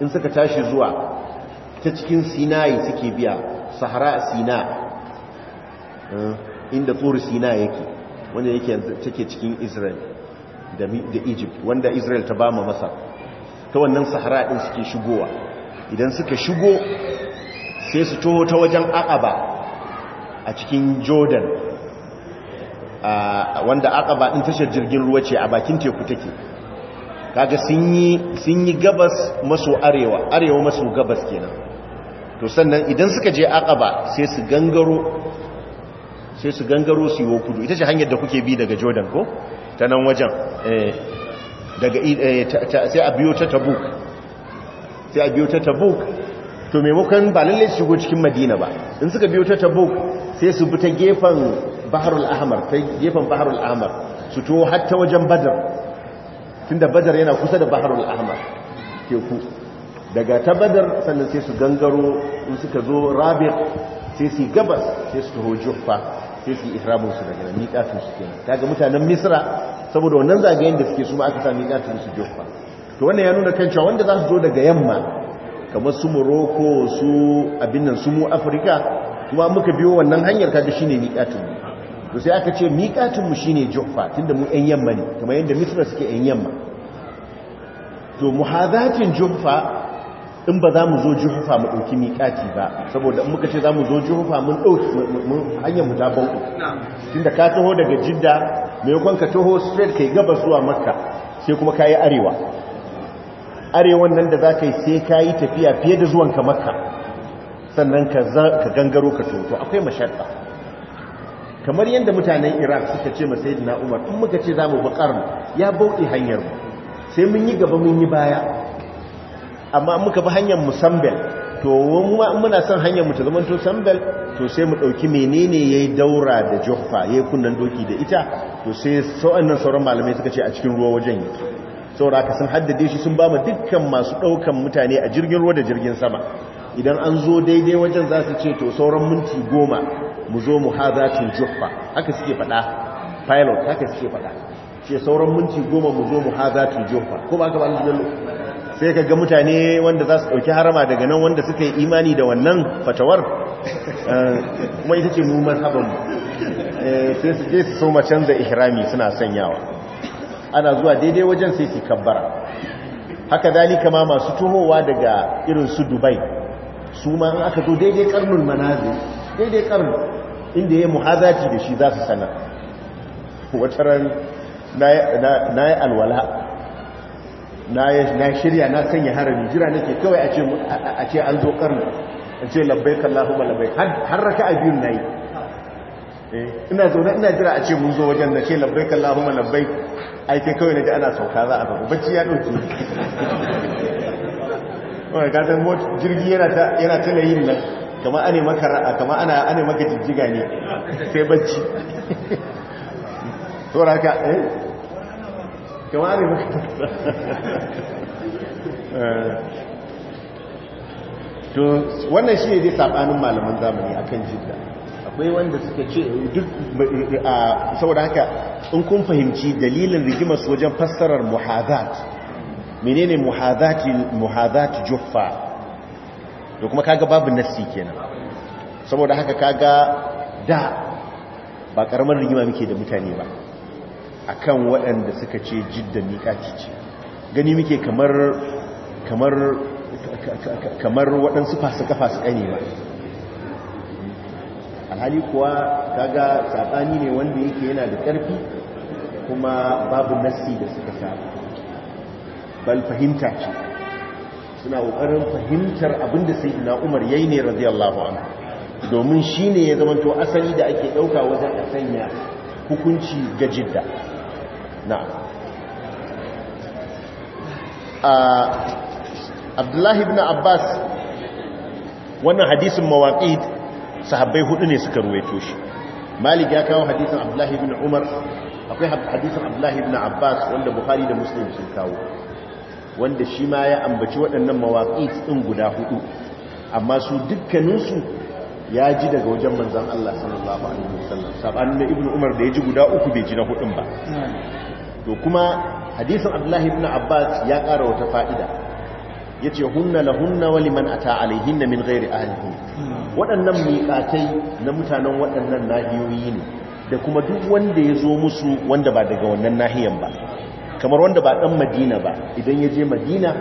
in suka tashi zuwa ta cikin sinai suke biya sahara sina eh, inda tsuri sina yake wanda yake take cikin israel da egypt wanda israel ta ba masar ta wannan sahara ɗin suke shigowa idan suka shigo sai su toho ta wajen aqaba a cikin jordan wanda aqaba din tashar jirgin ruwa ce a bakin teku take kaga sun yi gabas maso arewa arewa maso gabas kenan to sannan idan suka je aqaba sai su gangaro sai su gangaro su yi kudu ita ce hanyar da kuke bi daga jordan ko ta nan wajen eh, daga eh, sai a biyo ta tabuk sai a biyo ta tabuk to maimakon ba lalle su shigo cikin madina ba in suka biyo ta tabuk sai su bi ta gefen baharul ahmar ta gefen baharul ahmar su to har ta wajen badar tunda badar yana kusa da baharul ahmar teku daga ta badar sannan sai su gangaro in suka zo rabiq sai su gabas sai su taho juffa sai su ihramin su daga tun su kenan kaga mutanen misra saboda wannan zagayen da suke su ma aka sa miƙatun su juffa to wannan ya nuna kan cewa wanda za su zo daga yamma kamar su morocco su abin nan su mu afirka kuma muka biyo wannan hanyar kaga shine miƙatin mu to sai aka ce miƙatin mu shine juffa tunda mu yan yamma ne kamar yadda misra suke yan yamma to muhadatin juffa in ba za mu zo juhufa mu ɗauki miƙati ba saboda in muka ce za mu zo juhufa mun ɗauki hanyar mu ta bauku Tunda ka taho daga jidda maimakon ka taho straight kai gaba zuwa makka sai kuma ka arewa arewan nan da za ka yi sai ka yi tafiya fiye da zuwanka maka sannan ka gangaro ka toto akwai mashaɗa kamar yadda mutanen iraq suka ce masai da na'umar in muka ce za mu bakar ya bauɗe hanyar mu sai mun yi gaba mun yi baya amma muka bi hanyar mu sambel to muna son hanyar mu ta zama to sambel to sai mu ɗauki menene ya yi daura da joffa ya yi kunnan doki da ita to sai sau'an nan sauran malamai suka ce a cikin ruwa wajen yake saura ka sun haddade shi sun ba mu dukkan masu ɗaukan mutane a jirgin ruwa da jirgin sama idan an zo daidai wajen za su ce to sauran minti goma mu zo mu haza tun jufa haka suke faɗa pilot haka suke faɗa ce sauran minti goma mu zo mu haza tun jufa ko ba ka ba su sai ka ga mutane wanda za su ɗauki harama daga nan wanda suka yi imani da wannan fatawar eh, kuma ita ce mu mazhabanmu eh, sai su je su so canza ihrami suna sanyawa ana zuwa daidai wajen sai su kabbara haka zani ma masu tuhowa daga irin su dubai su ma an aka zo daidai karnin manazi daidai karnin inda ya muhazaci da shi za su sana wata ran na yi alwala na shirya na sanya harami jira nake kawai a ce an zo karnin a ce labbaikan labbaikan har raka a biyun na yi Eh, ina zaune ina jira a ce mun zo wajen na ce labbai kallahu ma labbai aike kawai na ji ana sauka za a babu bacci ya ɗauki wani gasar mot jirgi yana ta na yin nan kama ana maka ra'a kama ana ana maka jijjiga ne sai bacci tsora ka eh kama ana maka eh. to wannan shi ne dai sabanin malaman zamani akan jidda akwai wanda suka ce duk saboda haka in kun fahimci dalilin rigimar su wajen fassarar muhazat menene muhazat juffa da kuma kaga babu nassi kenan saboda haka kaga da ba karamar rigima muke da mutane ba akan waɗanda suka ce jidda miƙaci ce gani muke kamar kamar kamar waɗansu fasika fasika ba alhali kuwa ga saɓani ne wanda yake yana da ƙarfi kuma babu nassi da suka sa bal fahimta ce suna ƙoƙarin fahimtar abinda sai na umar yayi ne radiyallahu anhu domin shi ne ya zamanto asali da ake ɗauka wajen a sanya hukunci ga jidda na abdullahi ibn abbas wannan hadisin mawaƙi. sahabbai hudu ne suka ruwaito shi malik ya kawo hadisin abdullahi ibn umar akwai hadisin abdullahi ibn abbas wanda bukhari da muslim sun kawo wanda shi ma ya ambaci waɗannan mawaƙi ɗin guda hudu amma su dukkaninsu ya ji daga wajen manzan Allah sallallahu alaihi wasallam sabanin da Ibn umar da ya ji guda uku bai ji na hudun ba to kuma hadisin abdullahi ibn abbas ya ƙara wata fa'ida yace hunna lahunna wa liman ata alaihinna min ghairi ahlihi waɗannan miƙatai na mutanen waɗannan nahiyoyi ne da kuma duk wanda ya zo musu wanda ba daga wannan nahiyan ba kamar wanda ba ɗan madina ba idan ya je madina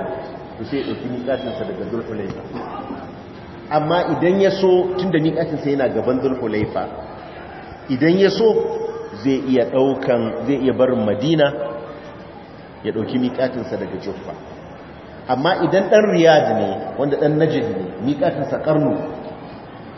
da sai ɗauki miƙatinsa daga zulhulaifa amma idan ya so tun da miƙatinsa yana gaban zulhulaifa idan ya so zai iya ɗaukan zai iya barin madina ya ɗauki miƙatinsa daga jufa amma idan ɗan riyad ne wanda ɗan najid ne miƙatinsa ƙarnu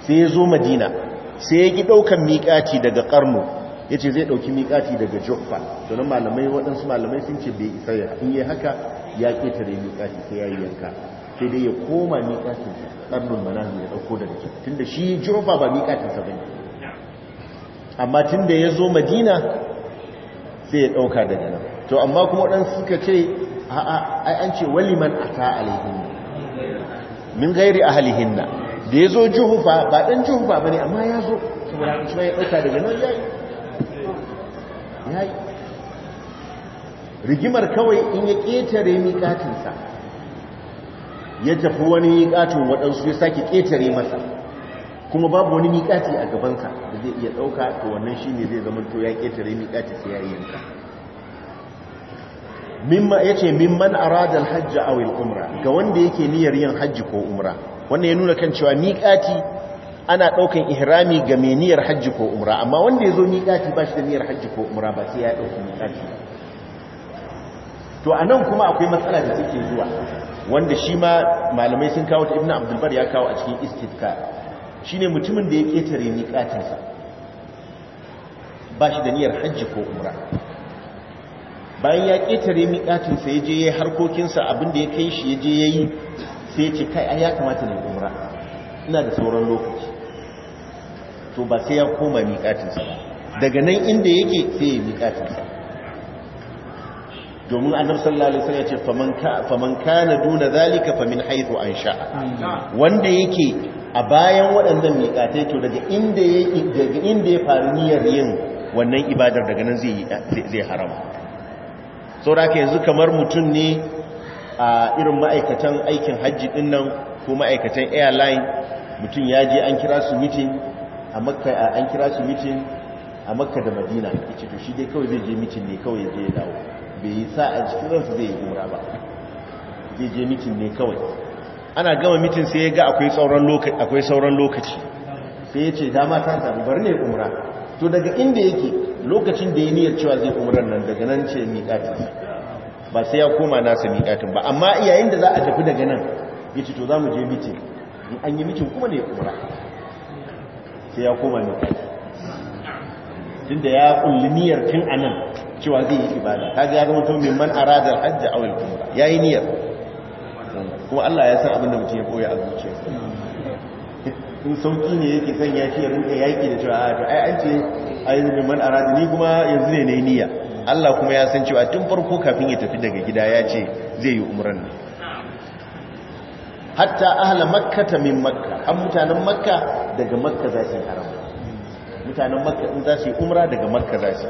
sai ya zo madina sai ya ki ɗaukan miƙaci daga ƙarno ya ce zai ɗauki miƙaci daga joffa domin malamai waɗansu malamai sun ce bai isa ya in yi haka ya ƙetare miƙaci sai ya yi yanka sai dai ya koma miƙacin ƙarnon manahu ya ɗauko daga can tun da shi joffa ba miƙacinsa ba ne amma tun da ya zo madina sai ya ɗauka daga nan to amma kuma waɗansu suka ce a'a ai an ce waliman ata alaihinna min gairi ahlihinna da ya zo juhufa ba ɗan juhufa ba ne amma ya zo saboda haka ya ɗauka daga nan ya yi. rigimar kawai in ya ƙetare miƙatinsa ya tafi wani miƙatin waɗansu ya sake ƙetare masa kuma babu wani miƙati a gabansa da zai iya ɗauka to wannan shi ne zai zama to ya ƙetare miƙati sai ya yi yanka mimma yace mimman hajji a wil umra ga wanda yake niyyar yin hajji ko umra wannan ya nuna kan cewa miƙati ana ɗaukan ihrami ga mai niyyar hajji ko umra amma wanda ya zo miƙati ba shi da niyyar hajji ko umra ba sai ya ɗauki miƙati to a nan kuma akwai matsala da suke zuwa wanda shi ma malamai sun kawo ta ibn abdulbar ya kawo a cikin istitka shi ne mutumin da ya ƙetare miƙatinsa ba shi da niyyar hajji ko umra bayan ya ƙetare miƙatinsa ya je ya yi harkokinsa abinda ya kai shi ya je ya yi sai ce kai ai ya kamata ne umra ina da sauran lokaci to ba sai ya koma miƙatinsa ba daga nan inda yake sai ya miƙatinsa domin annabi sallallahu alaihi wasallam ya ce faman ka faman kana duna zalika famin haythu ansha wanda yake a bayan waɗannan miƙatai to daga inda yake daga inda ya faru niyyar yin wannan ibadar daga nan zai zai harama saboda yanzu kamar mutum ne a irin ma'aikatan aikin hajji din nan ko ma'aikatan airline mutum ya je an kira su meeting a makka an kira su meeting a makka da madina yace to shi dai kawai zai je meeting ne kawai zai je dawo bai yi sa a cikin ransa zai yi umra ba zai je meeting ne kawai ana gama meeting sai ya ga akwai sauran lokaci akwai sauran lokaci sai ya ce dama ta samu bar ne umra to daga inda yake lokacin da ya niyyar cewa zai umran nan daga nan ce miƙatinsa ba sai ya koma nasa miƙatin ba amma yayin da za a tafi daga nan ya ce to za mu je mitin in an yi mitin kuma ne ya kura sai ya koma miƙatin tun da ya kulli niyyar tun a nan cewa zai yi ibada ta ga zama mutum mai man aradar hajji a wani kuma ya yi niyyar kuma Allah ya san abin da mutum ya koya a zuciya in sauƙi ne yake son ya shi ya rinka yaƙi da cewa a to ai an ce a yi min man aradar ni kuma yanzu ne na yi niyya Allah kuma ya san cewa tun farko kafin ya tafi daga gida ya ce zai yi umran ne hatta ahla makkata min makka an mutanen makka daga makka za su haram mutanen makka in za su yi umra daga makka za su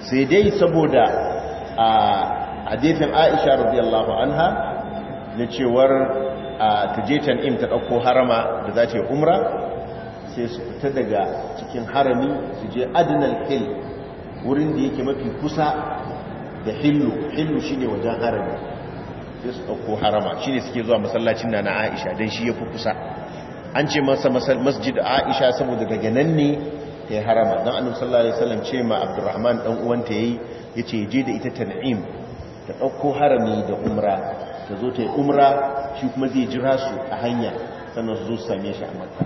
sai dai saboda a hadithin aisha radiyallahu anha na cewar ta je tan'im ta ɗauko harama da za ta yi umra sai su fita daga cikin harami su je adinal hill wurin da yake mafi kusa da hillu hillu ne wajen harami sai su ɗauko harama Shi ne suke zuwa masallacin na na aisha don shi ya fi kusa an ce masa masjid aisha saboda daga nan ne ta yi harama don annabi sallallahu alaihi wasallam ce ma abdurrahman dan uwanta yayi yace je da ita tan'im ta ɗauko harami da umra ta zo ta yi umra shi kuma zai jira su a hanya sannan su zo su same shi a makka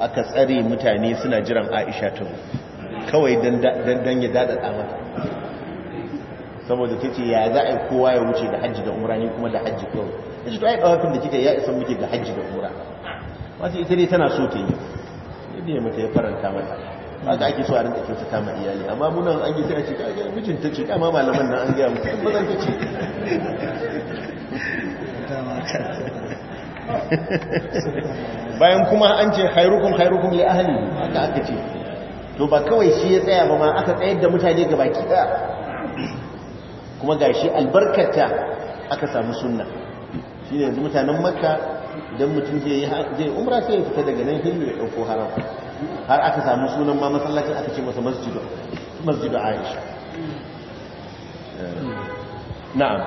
aka tsare mutane suna jiran aisha ta zo kawai don ya daɗaɗa mata saboda ta ya za a yi kowa ya wuce da hajji da umra ne kuma da hajji kawai ya ce to ai ɗawafin da kika ya isan muke da hajji da umra wasu ita ne tana so ta yi yadda ya mata ya faranta mata ba ka ake so a rinka kyautata ma iyali amma muna an yi sai a ce ka mijin ta ce kama malaman nan an gaya mutu ba zan ta ce bayan kuma an ce hairukun khairukum li ahli haka aka ce to ba kawai shi ya tsaya ba ma aka tsayar da mutane ga baki daya kuma ga shi albarkata aka samu sunna shine yanzu mutanen makka idan mutum zai umra sai ya fita daga nan hillu ya ɗauko haram har aka samu sunan ma masallacin aka ce masa masjidu masjidu aisha eh, na'am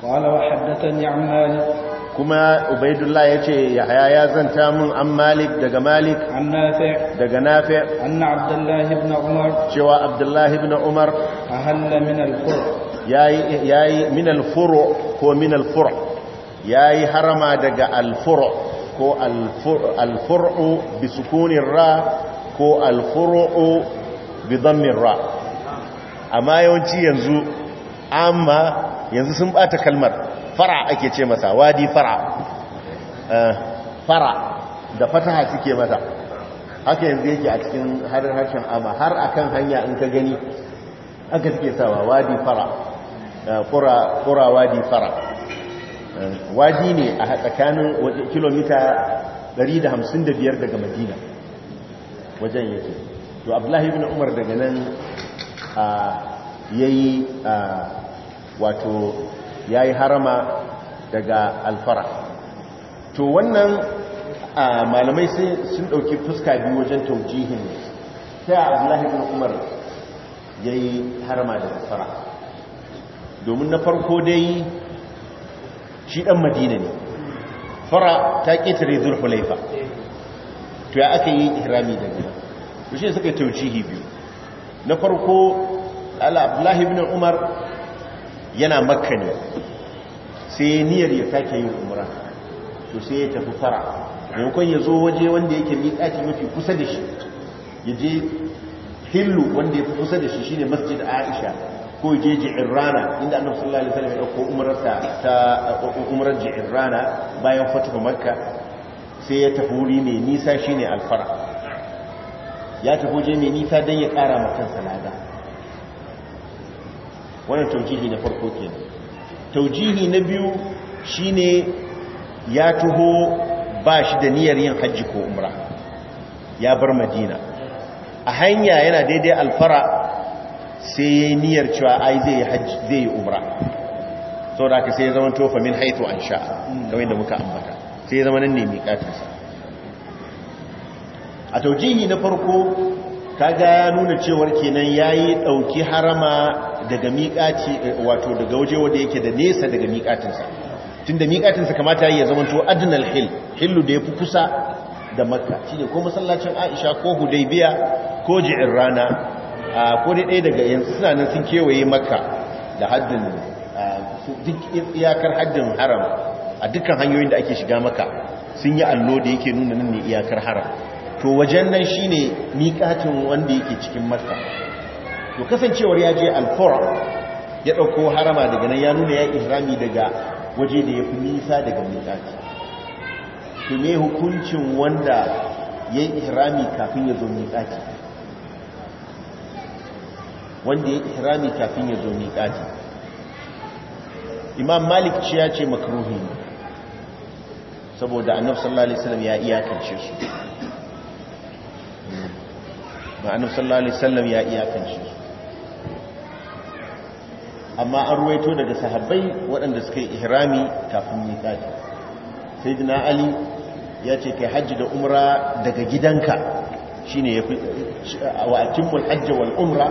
قال وحدثني عن مالك kuma ubaidullah ya ce yahaya ya zanta mun an malik daga malik daga nafi anna abdullahi ibn umar cewa abdullahi ibn umar ahalla min al-fur yayi yayi min al-fur ko min al-fur yayi harama daga al-fur ko al-fur bi sukunin ra ko al-fur bi dhammin ra amma yawanci yanzu amma yanzu sun bata kalmar fara ake ce masa wadi fara eh, fara da fataha suke mata. haka yanzu yake a cikin harshen amma har a kan hanya in ka gani aka suke sawa wadi fara eh, kura wadi fara eh, wadi ne a tsakanin kilomita 155 daga madina wajen yake to abdullahi ibn umar daga nan ya yi wato ya yi harama daga alfara to wannan malamai sun ɗauki fuska biyu wajen taujihin ta yi abdullahi bin umar ya yi harama daga alfara domin na farko dai shi ɗan madina ne fara ta ƙetare laifa. to ya aka yi ihrami da gina to shi suka taujihi biyu na farko abdullahi bin umar yana makka ne sai niyyar ya sake yin umra to sai ya tafi fara yankon ya zo waje wanda yake miƙaci mafi kusa da shi ya je hillu wanda ya fi kusa da shi shine masjid aisha ko je Rana inda annabi sallallahu alaihi wasallam ya dauko umrarsa ta umrar rana bayan fatuhu makka sai ya tafi wuri mai nisa shine alfara ya tafi waje mai nisa dan ya ƙara ma kansa lada wannan taujihi na farko kenan taujihi na biyu shine ya tuho ba shi da niyyar yin hajji ko umra ya bar madina a hanya yana daidai alfara sai ya yi niyyar cewa ai zai yi hajji zai yi umra sau da aka sai ya zama tofa min haitu an sha kamar da muka ambata sai ya zama nan ne a taujihi na farko kaga ya nuna cewar kenan ya yi ɗauki harama daga miƙaci eh, wato daga waje wanda yake da nesa daga miƙatinsa tunda miƙacinsa kamata ya zama to adnal hil hillu da yafi kusa da makka shine ko masallacin aisha ko hudaybiya ko ji'ir rana ko dai ɗaya daga yanzu suna nan sun kewaye makka da haddin duk iyakar haddin haram a dukkan hanyoyin da ake shiga maka sun yi allo da yake nuna nan ne iyakar haram to wajen nan shine miƙatin wanda yake cikin makka to kasancewar ya je alfura ya ɗauko harama daga nan ya nuna ya ihrami daga waje da ya fi nisa daga miƙaƙi to ne hukuncin wanda ya yi ihrami kafin ya zo miƙaƙi wanda ya yi ihrami kafin ya zo miƙaƙi imam malik ce ya ce makaruhi ne saboda annab sallallahu alaihi wasallam ya iyakance su ba annab sallallahu alaihi wasallam ya iyakance su amma an ruwaito daga sahabbai waɗanda suka yi ihrami kafin miƙati sai dina ali ya ce kai hajji da umra daga gidanka shi ne ya fi wa atimul hajji wal umra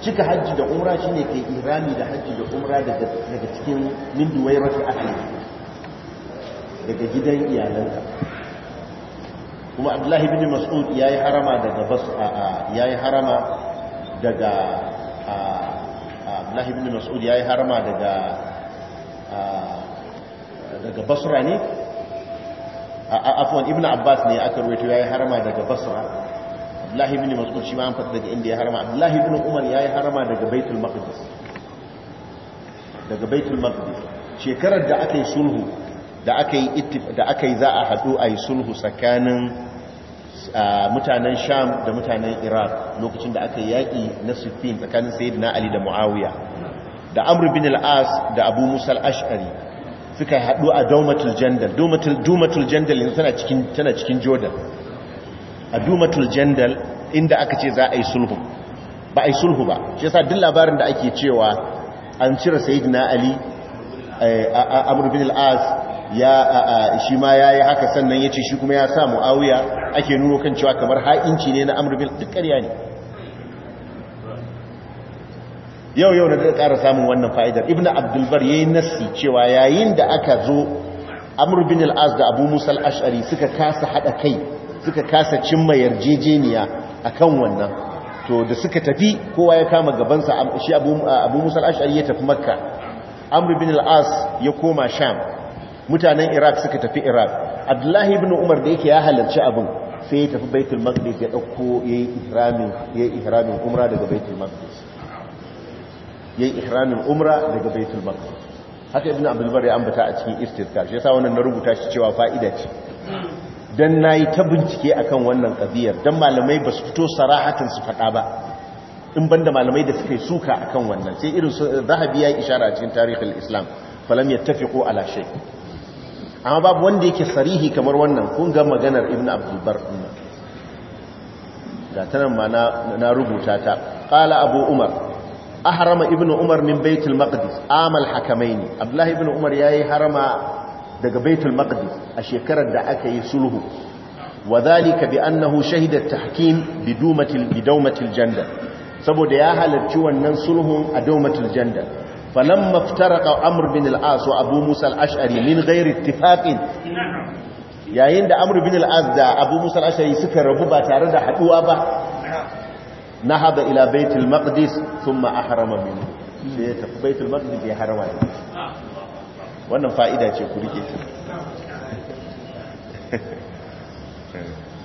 cika hajji da umra shi ne kai ihrami da hajji da umra daga cikin minduwai duwai rafi ahli daga gidan iyalanka kuma abdullahi bin mas'ud ya yi harama daga basu a ya yi harama daga abdullahi ibn mas'ud yayi harama daga daga basra ne afwan ibn abbas ne aka ruwaito yayi harama daga basra abdullahi ibn mas'ud shi ma an fada daga inda ya harama abdullahi ibn umar yayi harama daga baitul maqdis daga baitul maqdis shekarar da aka yi sulhu da aka yi da aka yi za a hadu a sulhu tsakanin mutanen sham da mutanen iraq lokacin da aka yaƙi na siffin tsakanin sayyidina ali da muawiya da amur bin al da abu musal ashari suka haɗu a domatul jandal dumatul jandal yanzu tana cikin tana jordan a dumatul jandal inda aka ce za a yi sulhu ba a yi sulhu ba shi yasa duk labarin da ake cewa an cire sayyidina ali eh, amur bin al ya shi ma ya yi haka sannan ya ce shi kuma ya sa awuya ake nuno kan cewa kamar ha'inci ne na amurbin duk ƙarya ne yau yau na da ƙara samun wannan fa'idar ibn abdulbar ya yi nassi cewa yayin da aka zo amurbin al'az da abu musal ash'ari suka kasa haɗa kai suka kasa cimma yarjejeniya a kan wannan to da suka tafi kowa ya kama gabansa shi abu musal ash'ari ya tafi makka amurbin al'az ya koma sham mutanen iraq suka tafi iraq abdullahi ibn umar da yake ya halarci abin sai ya tafi baitul maqdis ya dauko yayi ihramin yayi ihramin umra daga baitul maqdis yayi ihramin umra daga baitul maqdis haka ibn abdul bar ya ambata a cikin istidkar Ya yasa wannan na rubuta shi cewa fa'ida ce dan nayi ta bincike akan wannan qadiyar dan malamai ba su fito sarahatan su fada ba in banda malamai da suka yi suka akan wannan sai irin zahabi ya yi ishara a cikin tarihin islam falam yattafiqu ala shay' amma babu wanda yake sarihi kamar wannan kun ga maganar ibn abdulbar ga tanan ma na rubuta ta ƙala abu umar ahrama ibn umar min baitul maqdis amal hakamaini abdullahi ibn umar yayi harama daga baitul maqdis a shekarar da aka yi sulhu wa zalika bi annahu shahida tahkim bi daumatil saboda ya halarci wannan sulhun a daumatil jandal فلما افترق عمرو بن العاص وابو موسى الاشعري من غير اتفاق yayin da amru bin da abu musa al-ashari suka rabu ba tare da haduwa ba na hada ila baitul maqdis thumma ahrama min sai ya tafi baitul maqdis ya harama ne wannan fa'ida ce ku rike ta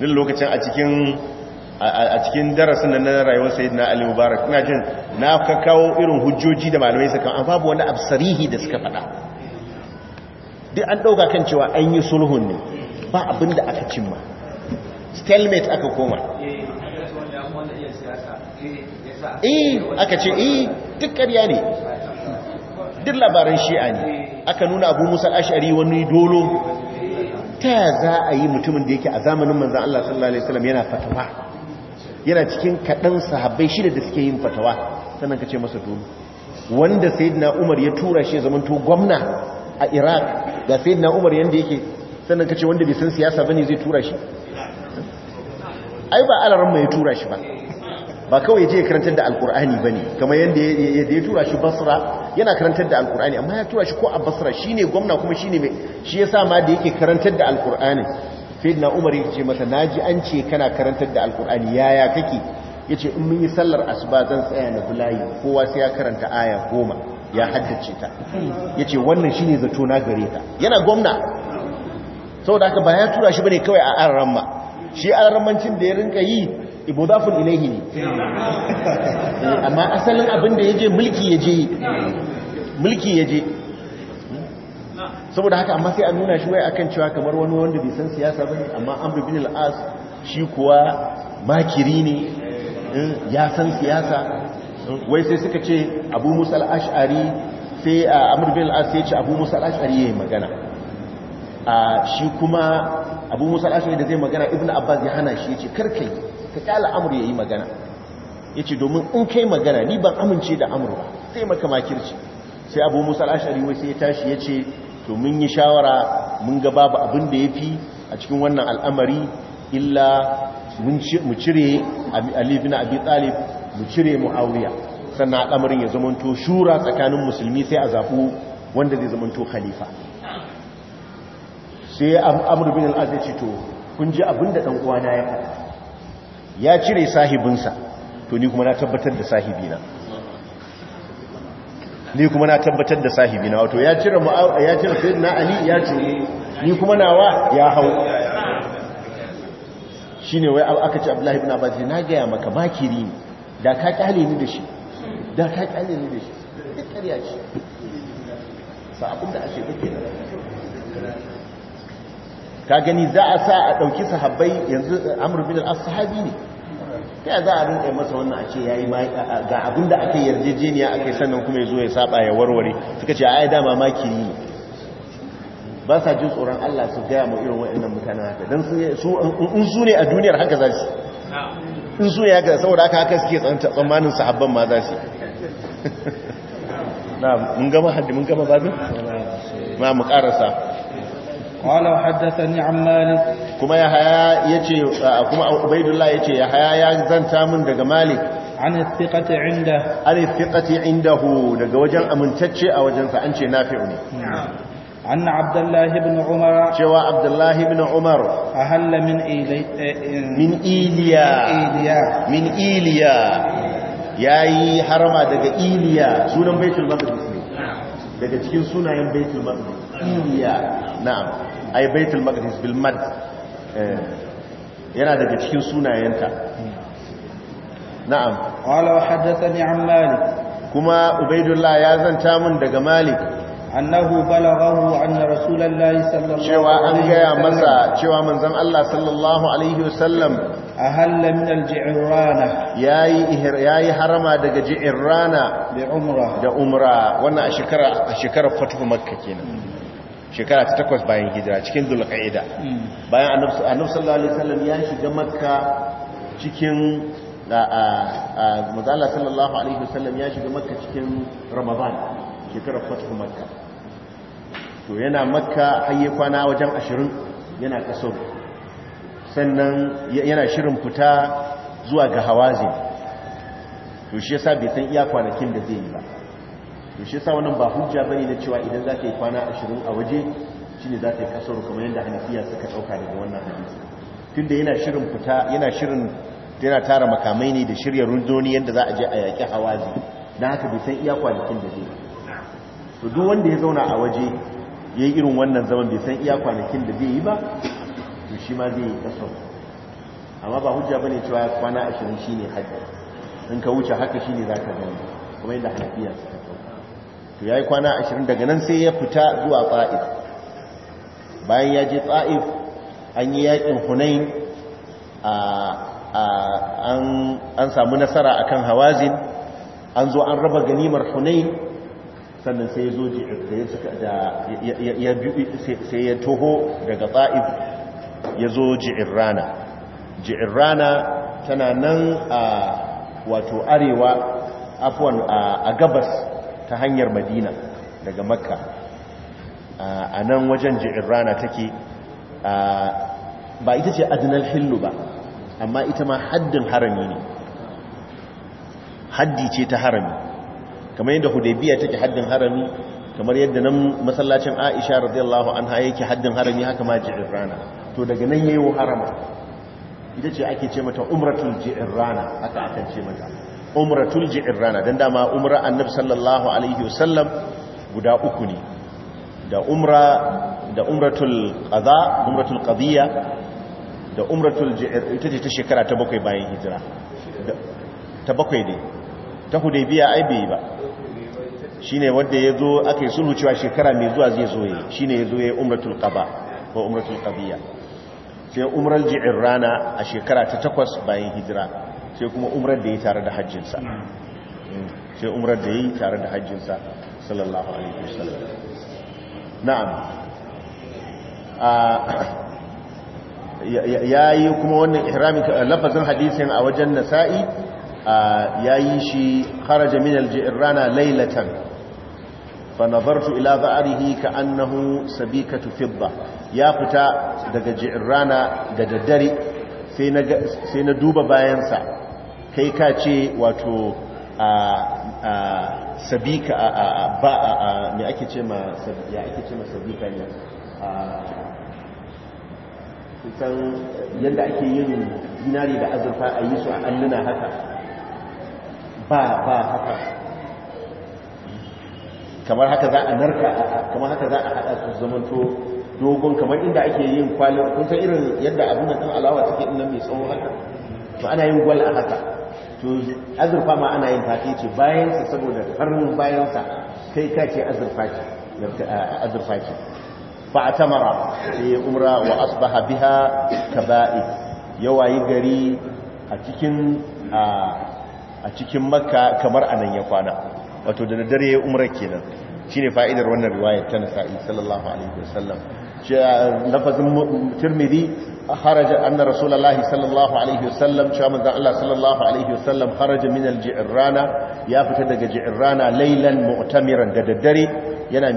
din lokacin a cikin a cikin darasin da na rayuwar sayyidina ali mubarak ina jin na ka kawo irin hujjoji da malamai suka an babu wani absarihi da suka faɗa duk an ɗauka kan cewa an yi sulhun ne ba abin da aka cimma stalemate aka koma eh aka ce eh duk ƙarya ne duk labaran shi'a ne aka nuna abu musa ashari wani dolo ta za a yi mutumin da yake a zamanin manzan Allah sallallahu Alaihi wasallam yana fatawa yana cikin kaɗan sahabbai shida da suke yin fatawa sannan ka ce masa dole wanda sayyidina umar ya tura shi zaman to gwamna a iraq ga sayyidina umar yadda yake sannan ka ce wanda bai san siyasa bane zai tura shi ai ba alaran mai tura shi ba ba kawai je karantar da alkur'ani ba ne kama yadda ya tura shi basra yana karantar da alkur'ani amma ya tura shi ko a basra shi ne gwamna kuma shi ne shi ya sa ma da yake karantar da alkur'ani sayyidina umar ya ce masa naji an ce kana karantar da alkur'ani yaya kake yace in mun yi sallar asuba zan tsaya na bulayi kowa sai ya karanta aya goma ya haddace ta yace wannan shine zato na gare ta yana gwamna saboda haka ba ya tura shi bane kawai a arramma shi arrammancin da ya rinka yi ibo zafin ilaihi ne <laughs> eh, amma asalin abin da je mulki ya mulki saboda haka amma sai a nuna shi wai akan cewa kamar wani wanda bai san siyasa bane amma amr bin al-as shi kuwa makiri ne eh, ya san siyasa wai sai suka ce abu musa al-ash'ari sai amr bin al-as sai ce abu musa al-ash'ari yayi magana shi kuma abu musa al-ash'ari da zai magana ibnu abbas ya hana shi yace karkai ka kyala amr yayi magana Ya ce domin in kai magana ni ban amince da amr ba sai maka makirci sai abu musa al-ash'ari wai sai ya tashi ya ce. to mun yi shawara mun ga babu abin da ya fi a cikin wannan al'amari illa mu cire ali abi talib mu cire muawiya sannan al'amarin ya zamanto shura tsakanin musulmi sai a zaɓu wanda zai zamanto khalifa sai amur bin al'az ya to kun ji abin da na ya ya cire sahibinsa to ni kuma na tabbatar da sahibina ni kuma na tabbatar da sahibi na wato ya cire ya cire na ali ya ce ni kuma nawa ya hau shine wai aka ce abdullahi ibn abbas na ga ya maka bakiri ne da ka kyale ni da shi da ka kyale ni da shi duk shi, ce sa abin da ake kake da ka gani za a sa a dauki sahabbai yanzu amur bin al-as sahabi ne ta za a rinka masa wannan a ce ya yi ga abin da ake yarjejeniya ake sannan kuma ya zo ya saba ya warware suka ce a yi dama maki yi ba sa jin tsoron Allah su gaya mu irin waɗannan mutanen haka don in su ne a duniyar haka za su in su ya ga saboda haka haka suke tsammanin habban ma za su <laughs> na mun gama haddi mun gama babin ma mu karasa wala haddasa ni amalik kuma ya ya ce kuma ubaidullah ya ce ya ya zanta min daga malik an istiqati inda an istiqati indahu daga wajen amintacce a wajensa an ce nafi'u ne an abdullah ibn umar cewa abdullah ibn umar ahalla min min iliya min iliya yayi harama daga iliya sunan baitul maqdis daga cikin sunayen baitul maqdis iliya na'am ai baitul maqdis bil eh, yana daga cikin sunayenta na'am qala hadathani an malik kuma ubaidullah ya zanta mun daga malik annahu balaghahu anna rasulullahi sallallahu alaihi cewa an gaya masa cewa manzon Allah sallallahu alaihi wasallam ahalla min al-ji'rana yayi yayi harama daga ji'rana da umra da umra wannan a shekara a shekarar fatuhu makka kenan shekara ta takwas bayan hijira cikin zulqa'ida hmm. bayan annabi sallallahu alaihi wasallam ya shiga makka cikin a mazala sallallahu alaihi wasallam ya shiga makka cikin ramadan shekarar fatu makka to yana makka hayye kwana wajen ashirin yana kaso sannan yana shirin fita zuwa ga hawazin to shi yasa bai san iya kwanakin da zai yi ba to shi yasa wannan ba hujja bane na cewa idan za ka yi kwana 20 a waje shine za ka yi kasar kamar yadda hanafiya suka dauka daga wannan hadisi tunda yana shirin fita yana shirin yana tara makamai ne da shirya rundoni yadda za a je a yaƙi hawazi don haka bai san iya kwanakin da zai to duk wanda ya zauna a waje ya yi irin wannan zaman bai san iya kwanakin da zai yi ba to shi ma zai yi kasar amma ba hujja bane cewa kwana ashirin shine hajji in ka wuce haka shine za ka zama kuma yadda hanafiya suka to ya yi kwana ashirin daga nan sai ya fita zuwa ta'if bayan ya je ta'if an yi yaƙin hunain an samu nasara a kan hawazin an zo an raba ganimar hunain sannan sai ya zo sai ya toho daga ta'if ya zo ji'irana ji'irana tana nan a wato arewa afwan a gabas ta hanyar madina daga makka a nan wajen rana take ba ita ce adinal hillu ba amma ita ma haddin harami ne haddi ce ta harami kamar yadda hudaybiya take haddin harami kamar yadda nan masallacin aisha radiyallahu haye yake haddin harami haka ma rana to daga nan yayin harama ita ce ake ce mata umratul rana haka akan ce mata umratul rana dan dama umra annab sallallahu alaihi wasallam guda uku ne da umra da umratul qada umratul qadiyya da umratul ji'ir ita ce ta shekara ta bakwai bayan hijira ta bakwai ne ta hudaybiya ai bai ba shine wanda yazo akai sulhu cewa shekara mai zuwa zai zo yi shine yazo yayi umratul qaba ko umratul qadiyya sai umral rana a shekara ta takwas bayan hijira sai kuma umrar da ya tare da hajjinsa sai umrar da ya yi tare da hajjinsa sallallahu alaihi wasallam na'am ya yi kuma wannan ihrami lafazin hadisin a wajen nasa'i ya yi shi kharaja min aljirrana lailatan fa nazartu ila za'rihi annahu sabikatu fidda ya fita daga jirrana da daddare sai na duba bayansa kai ka ce wato a sabika a ba a me ake ce ma ya ake ce ma sabika ne a kusan yadda ake yin dinari da azurfa a yi su a alluna haka ba ba haka kamar haka za a narka kamar haka za a hada su to dogon kamar inda ake yin kwalin kun san irin yadda abin da ɗan alawa take nan mai tsawo haka to ana yin gwal a haka to azurfa ma ana yin fati ce bayansa saboda karnin bayansa kai ka ce azurfa ce eh, fa a tamara ya umra wa asbaha biha kaba'i yawayi gari a cikin a cikin makka kamar anan ya kwana wato da dare ya umra kenan shine fa'idar wannan riwayar ta nasa'i sallallahu alaihi wasallam lafazin tirmidhi kharaja anna rasulullahi sallallahu alaihi wasallam cewa manzon Allah sallallahu alaihi wasallam kharaja min al-ji'rana ya fita daga ji'rana laylan mu'tamiran da daddare yana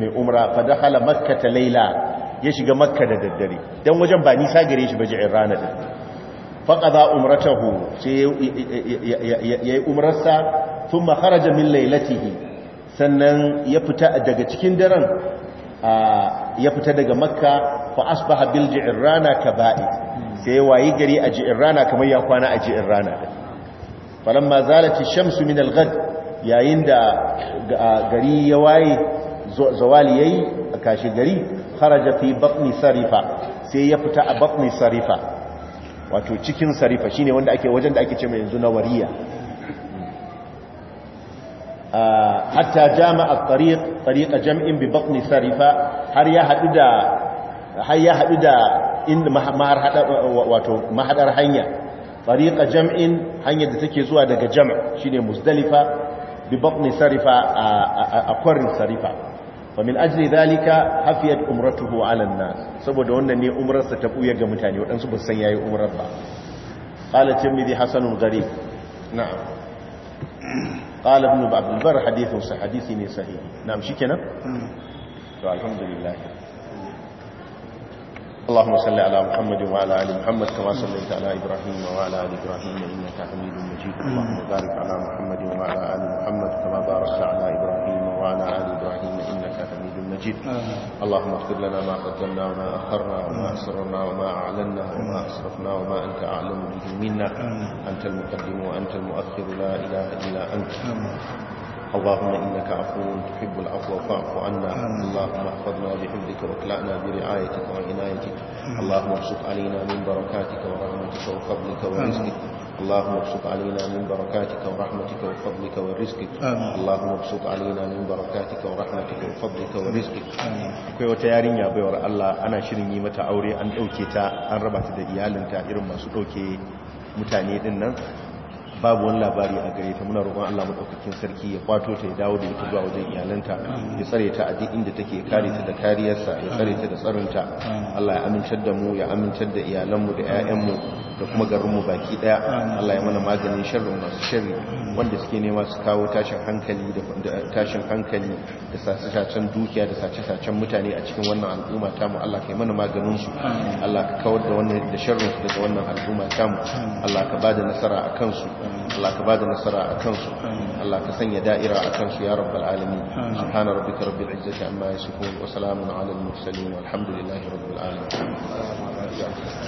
mai umra fa dakhala makkah layla ya shiga makka da daddare dan wajen ba nisa gare shi ba ji'rana din faqada umratahu sai yayi umrarsa thumma kharaja min laylatihi sannan ya fita daga cikin daren ya fita daga makka fa asbaha bil ji'rana kaba'i sai wayi gari a ji'rana kamar ya kwana a ji'rana rana falamma zalati shamsu min al-ghad yayin da gari ya waye zawali yayi a kashi gari kharaja fi batni sarifa sai ya fita a batni sarifa wato cikin sarifa shine wanda ake wajen da ake ce mai yanzu na wariya hatta jama'a tariq tariqa jam'in bi batni sarifa har ya haɗu da har ya hadu da inda wato hanya tariqa jam'in hanyar da take zuwa daga jam' shine muzdalifa bi batni sarifa a kwarin sarifa fa min zalika dhalika hafiyat umratuhu ala an saboda wannan ne umararsa ta buya ga mutane waɗansu ba san yayi umrar ba qala tirmidhi hasanun gharib na'am قال ابن عبد البر حديثه صحيح حديثي صحيح نعم شكنا تو الحمد لله اللهم صل على محمد وعلى ال محمد كما صليت على ابراهيم وعلى ال ابراهيم انك حميد مجيد اللهم بارك على محمد وعلى ال محمد كما باركت على ابراهيم وعلى ال ابراهيم مجيد اللهم اغفر لنا ما قدمنا وما أخرنا وما أسررنا وما أعلنا وما أسرفنا وما أنت أعلم به منا أنت المقدم وأنت المؤخر لا إله إلا أنت اللهم إنك عفو تحب العفو فاعف عنا اللهم احفظنا بحفظك واكلأنا برعايتك وعنايتك اللهم ارزق علينا من بركاتك ورحمتك وفضلك ورزقك اللهم ابسط علينا من بركاتك ورحمتك وفضلك ورزقك اللهم ابسط علينا من بركاتك ورحمتك وفضلك ورزقك akwai wata yarinya baiwar Allah ana shirin yi mata aure an dauke ta an raba ta da iyalinta irin masu dauke mutane din babu wani labari a gare ta muna roƙon Allah madaukakin sarki ya kwato ta ya dawo da ita zuwa wajen iyalanta ya tsare ta a duk inda take kare ta da kariyarsa ya tsare ta da tsarinta Allah ya amintar da mu ya amintar da iyalan mu da mu da kuma garin mu baki daya Allah ya mana maganin sharrin masu sharri wanda suke nema su kawo tashin hankali da tashin hankali da sace-sacen dukiya da sace-sacen mutane a cikin wannan al'umma tamu Allah kai mana maganin su Allah ka kawar da wannan da sharrin su daga wannan al'umma tamu Allah ka bada nasara a kansu Allah ka da nasara a kansu Allah ka sanya da'ira a kansu ya rabbal alamin subhana rabbika rabbil izzati amma yasifun wa salamun alal mursalin walhamdulillahi rabbil alamin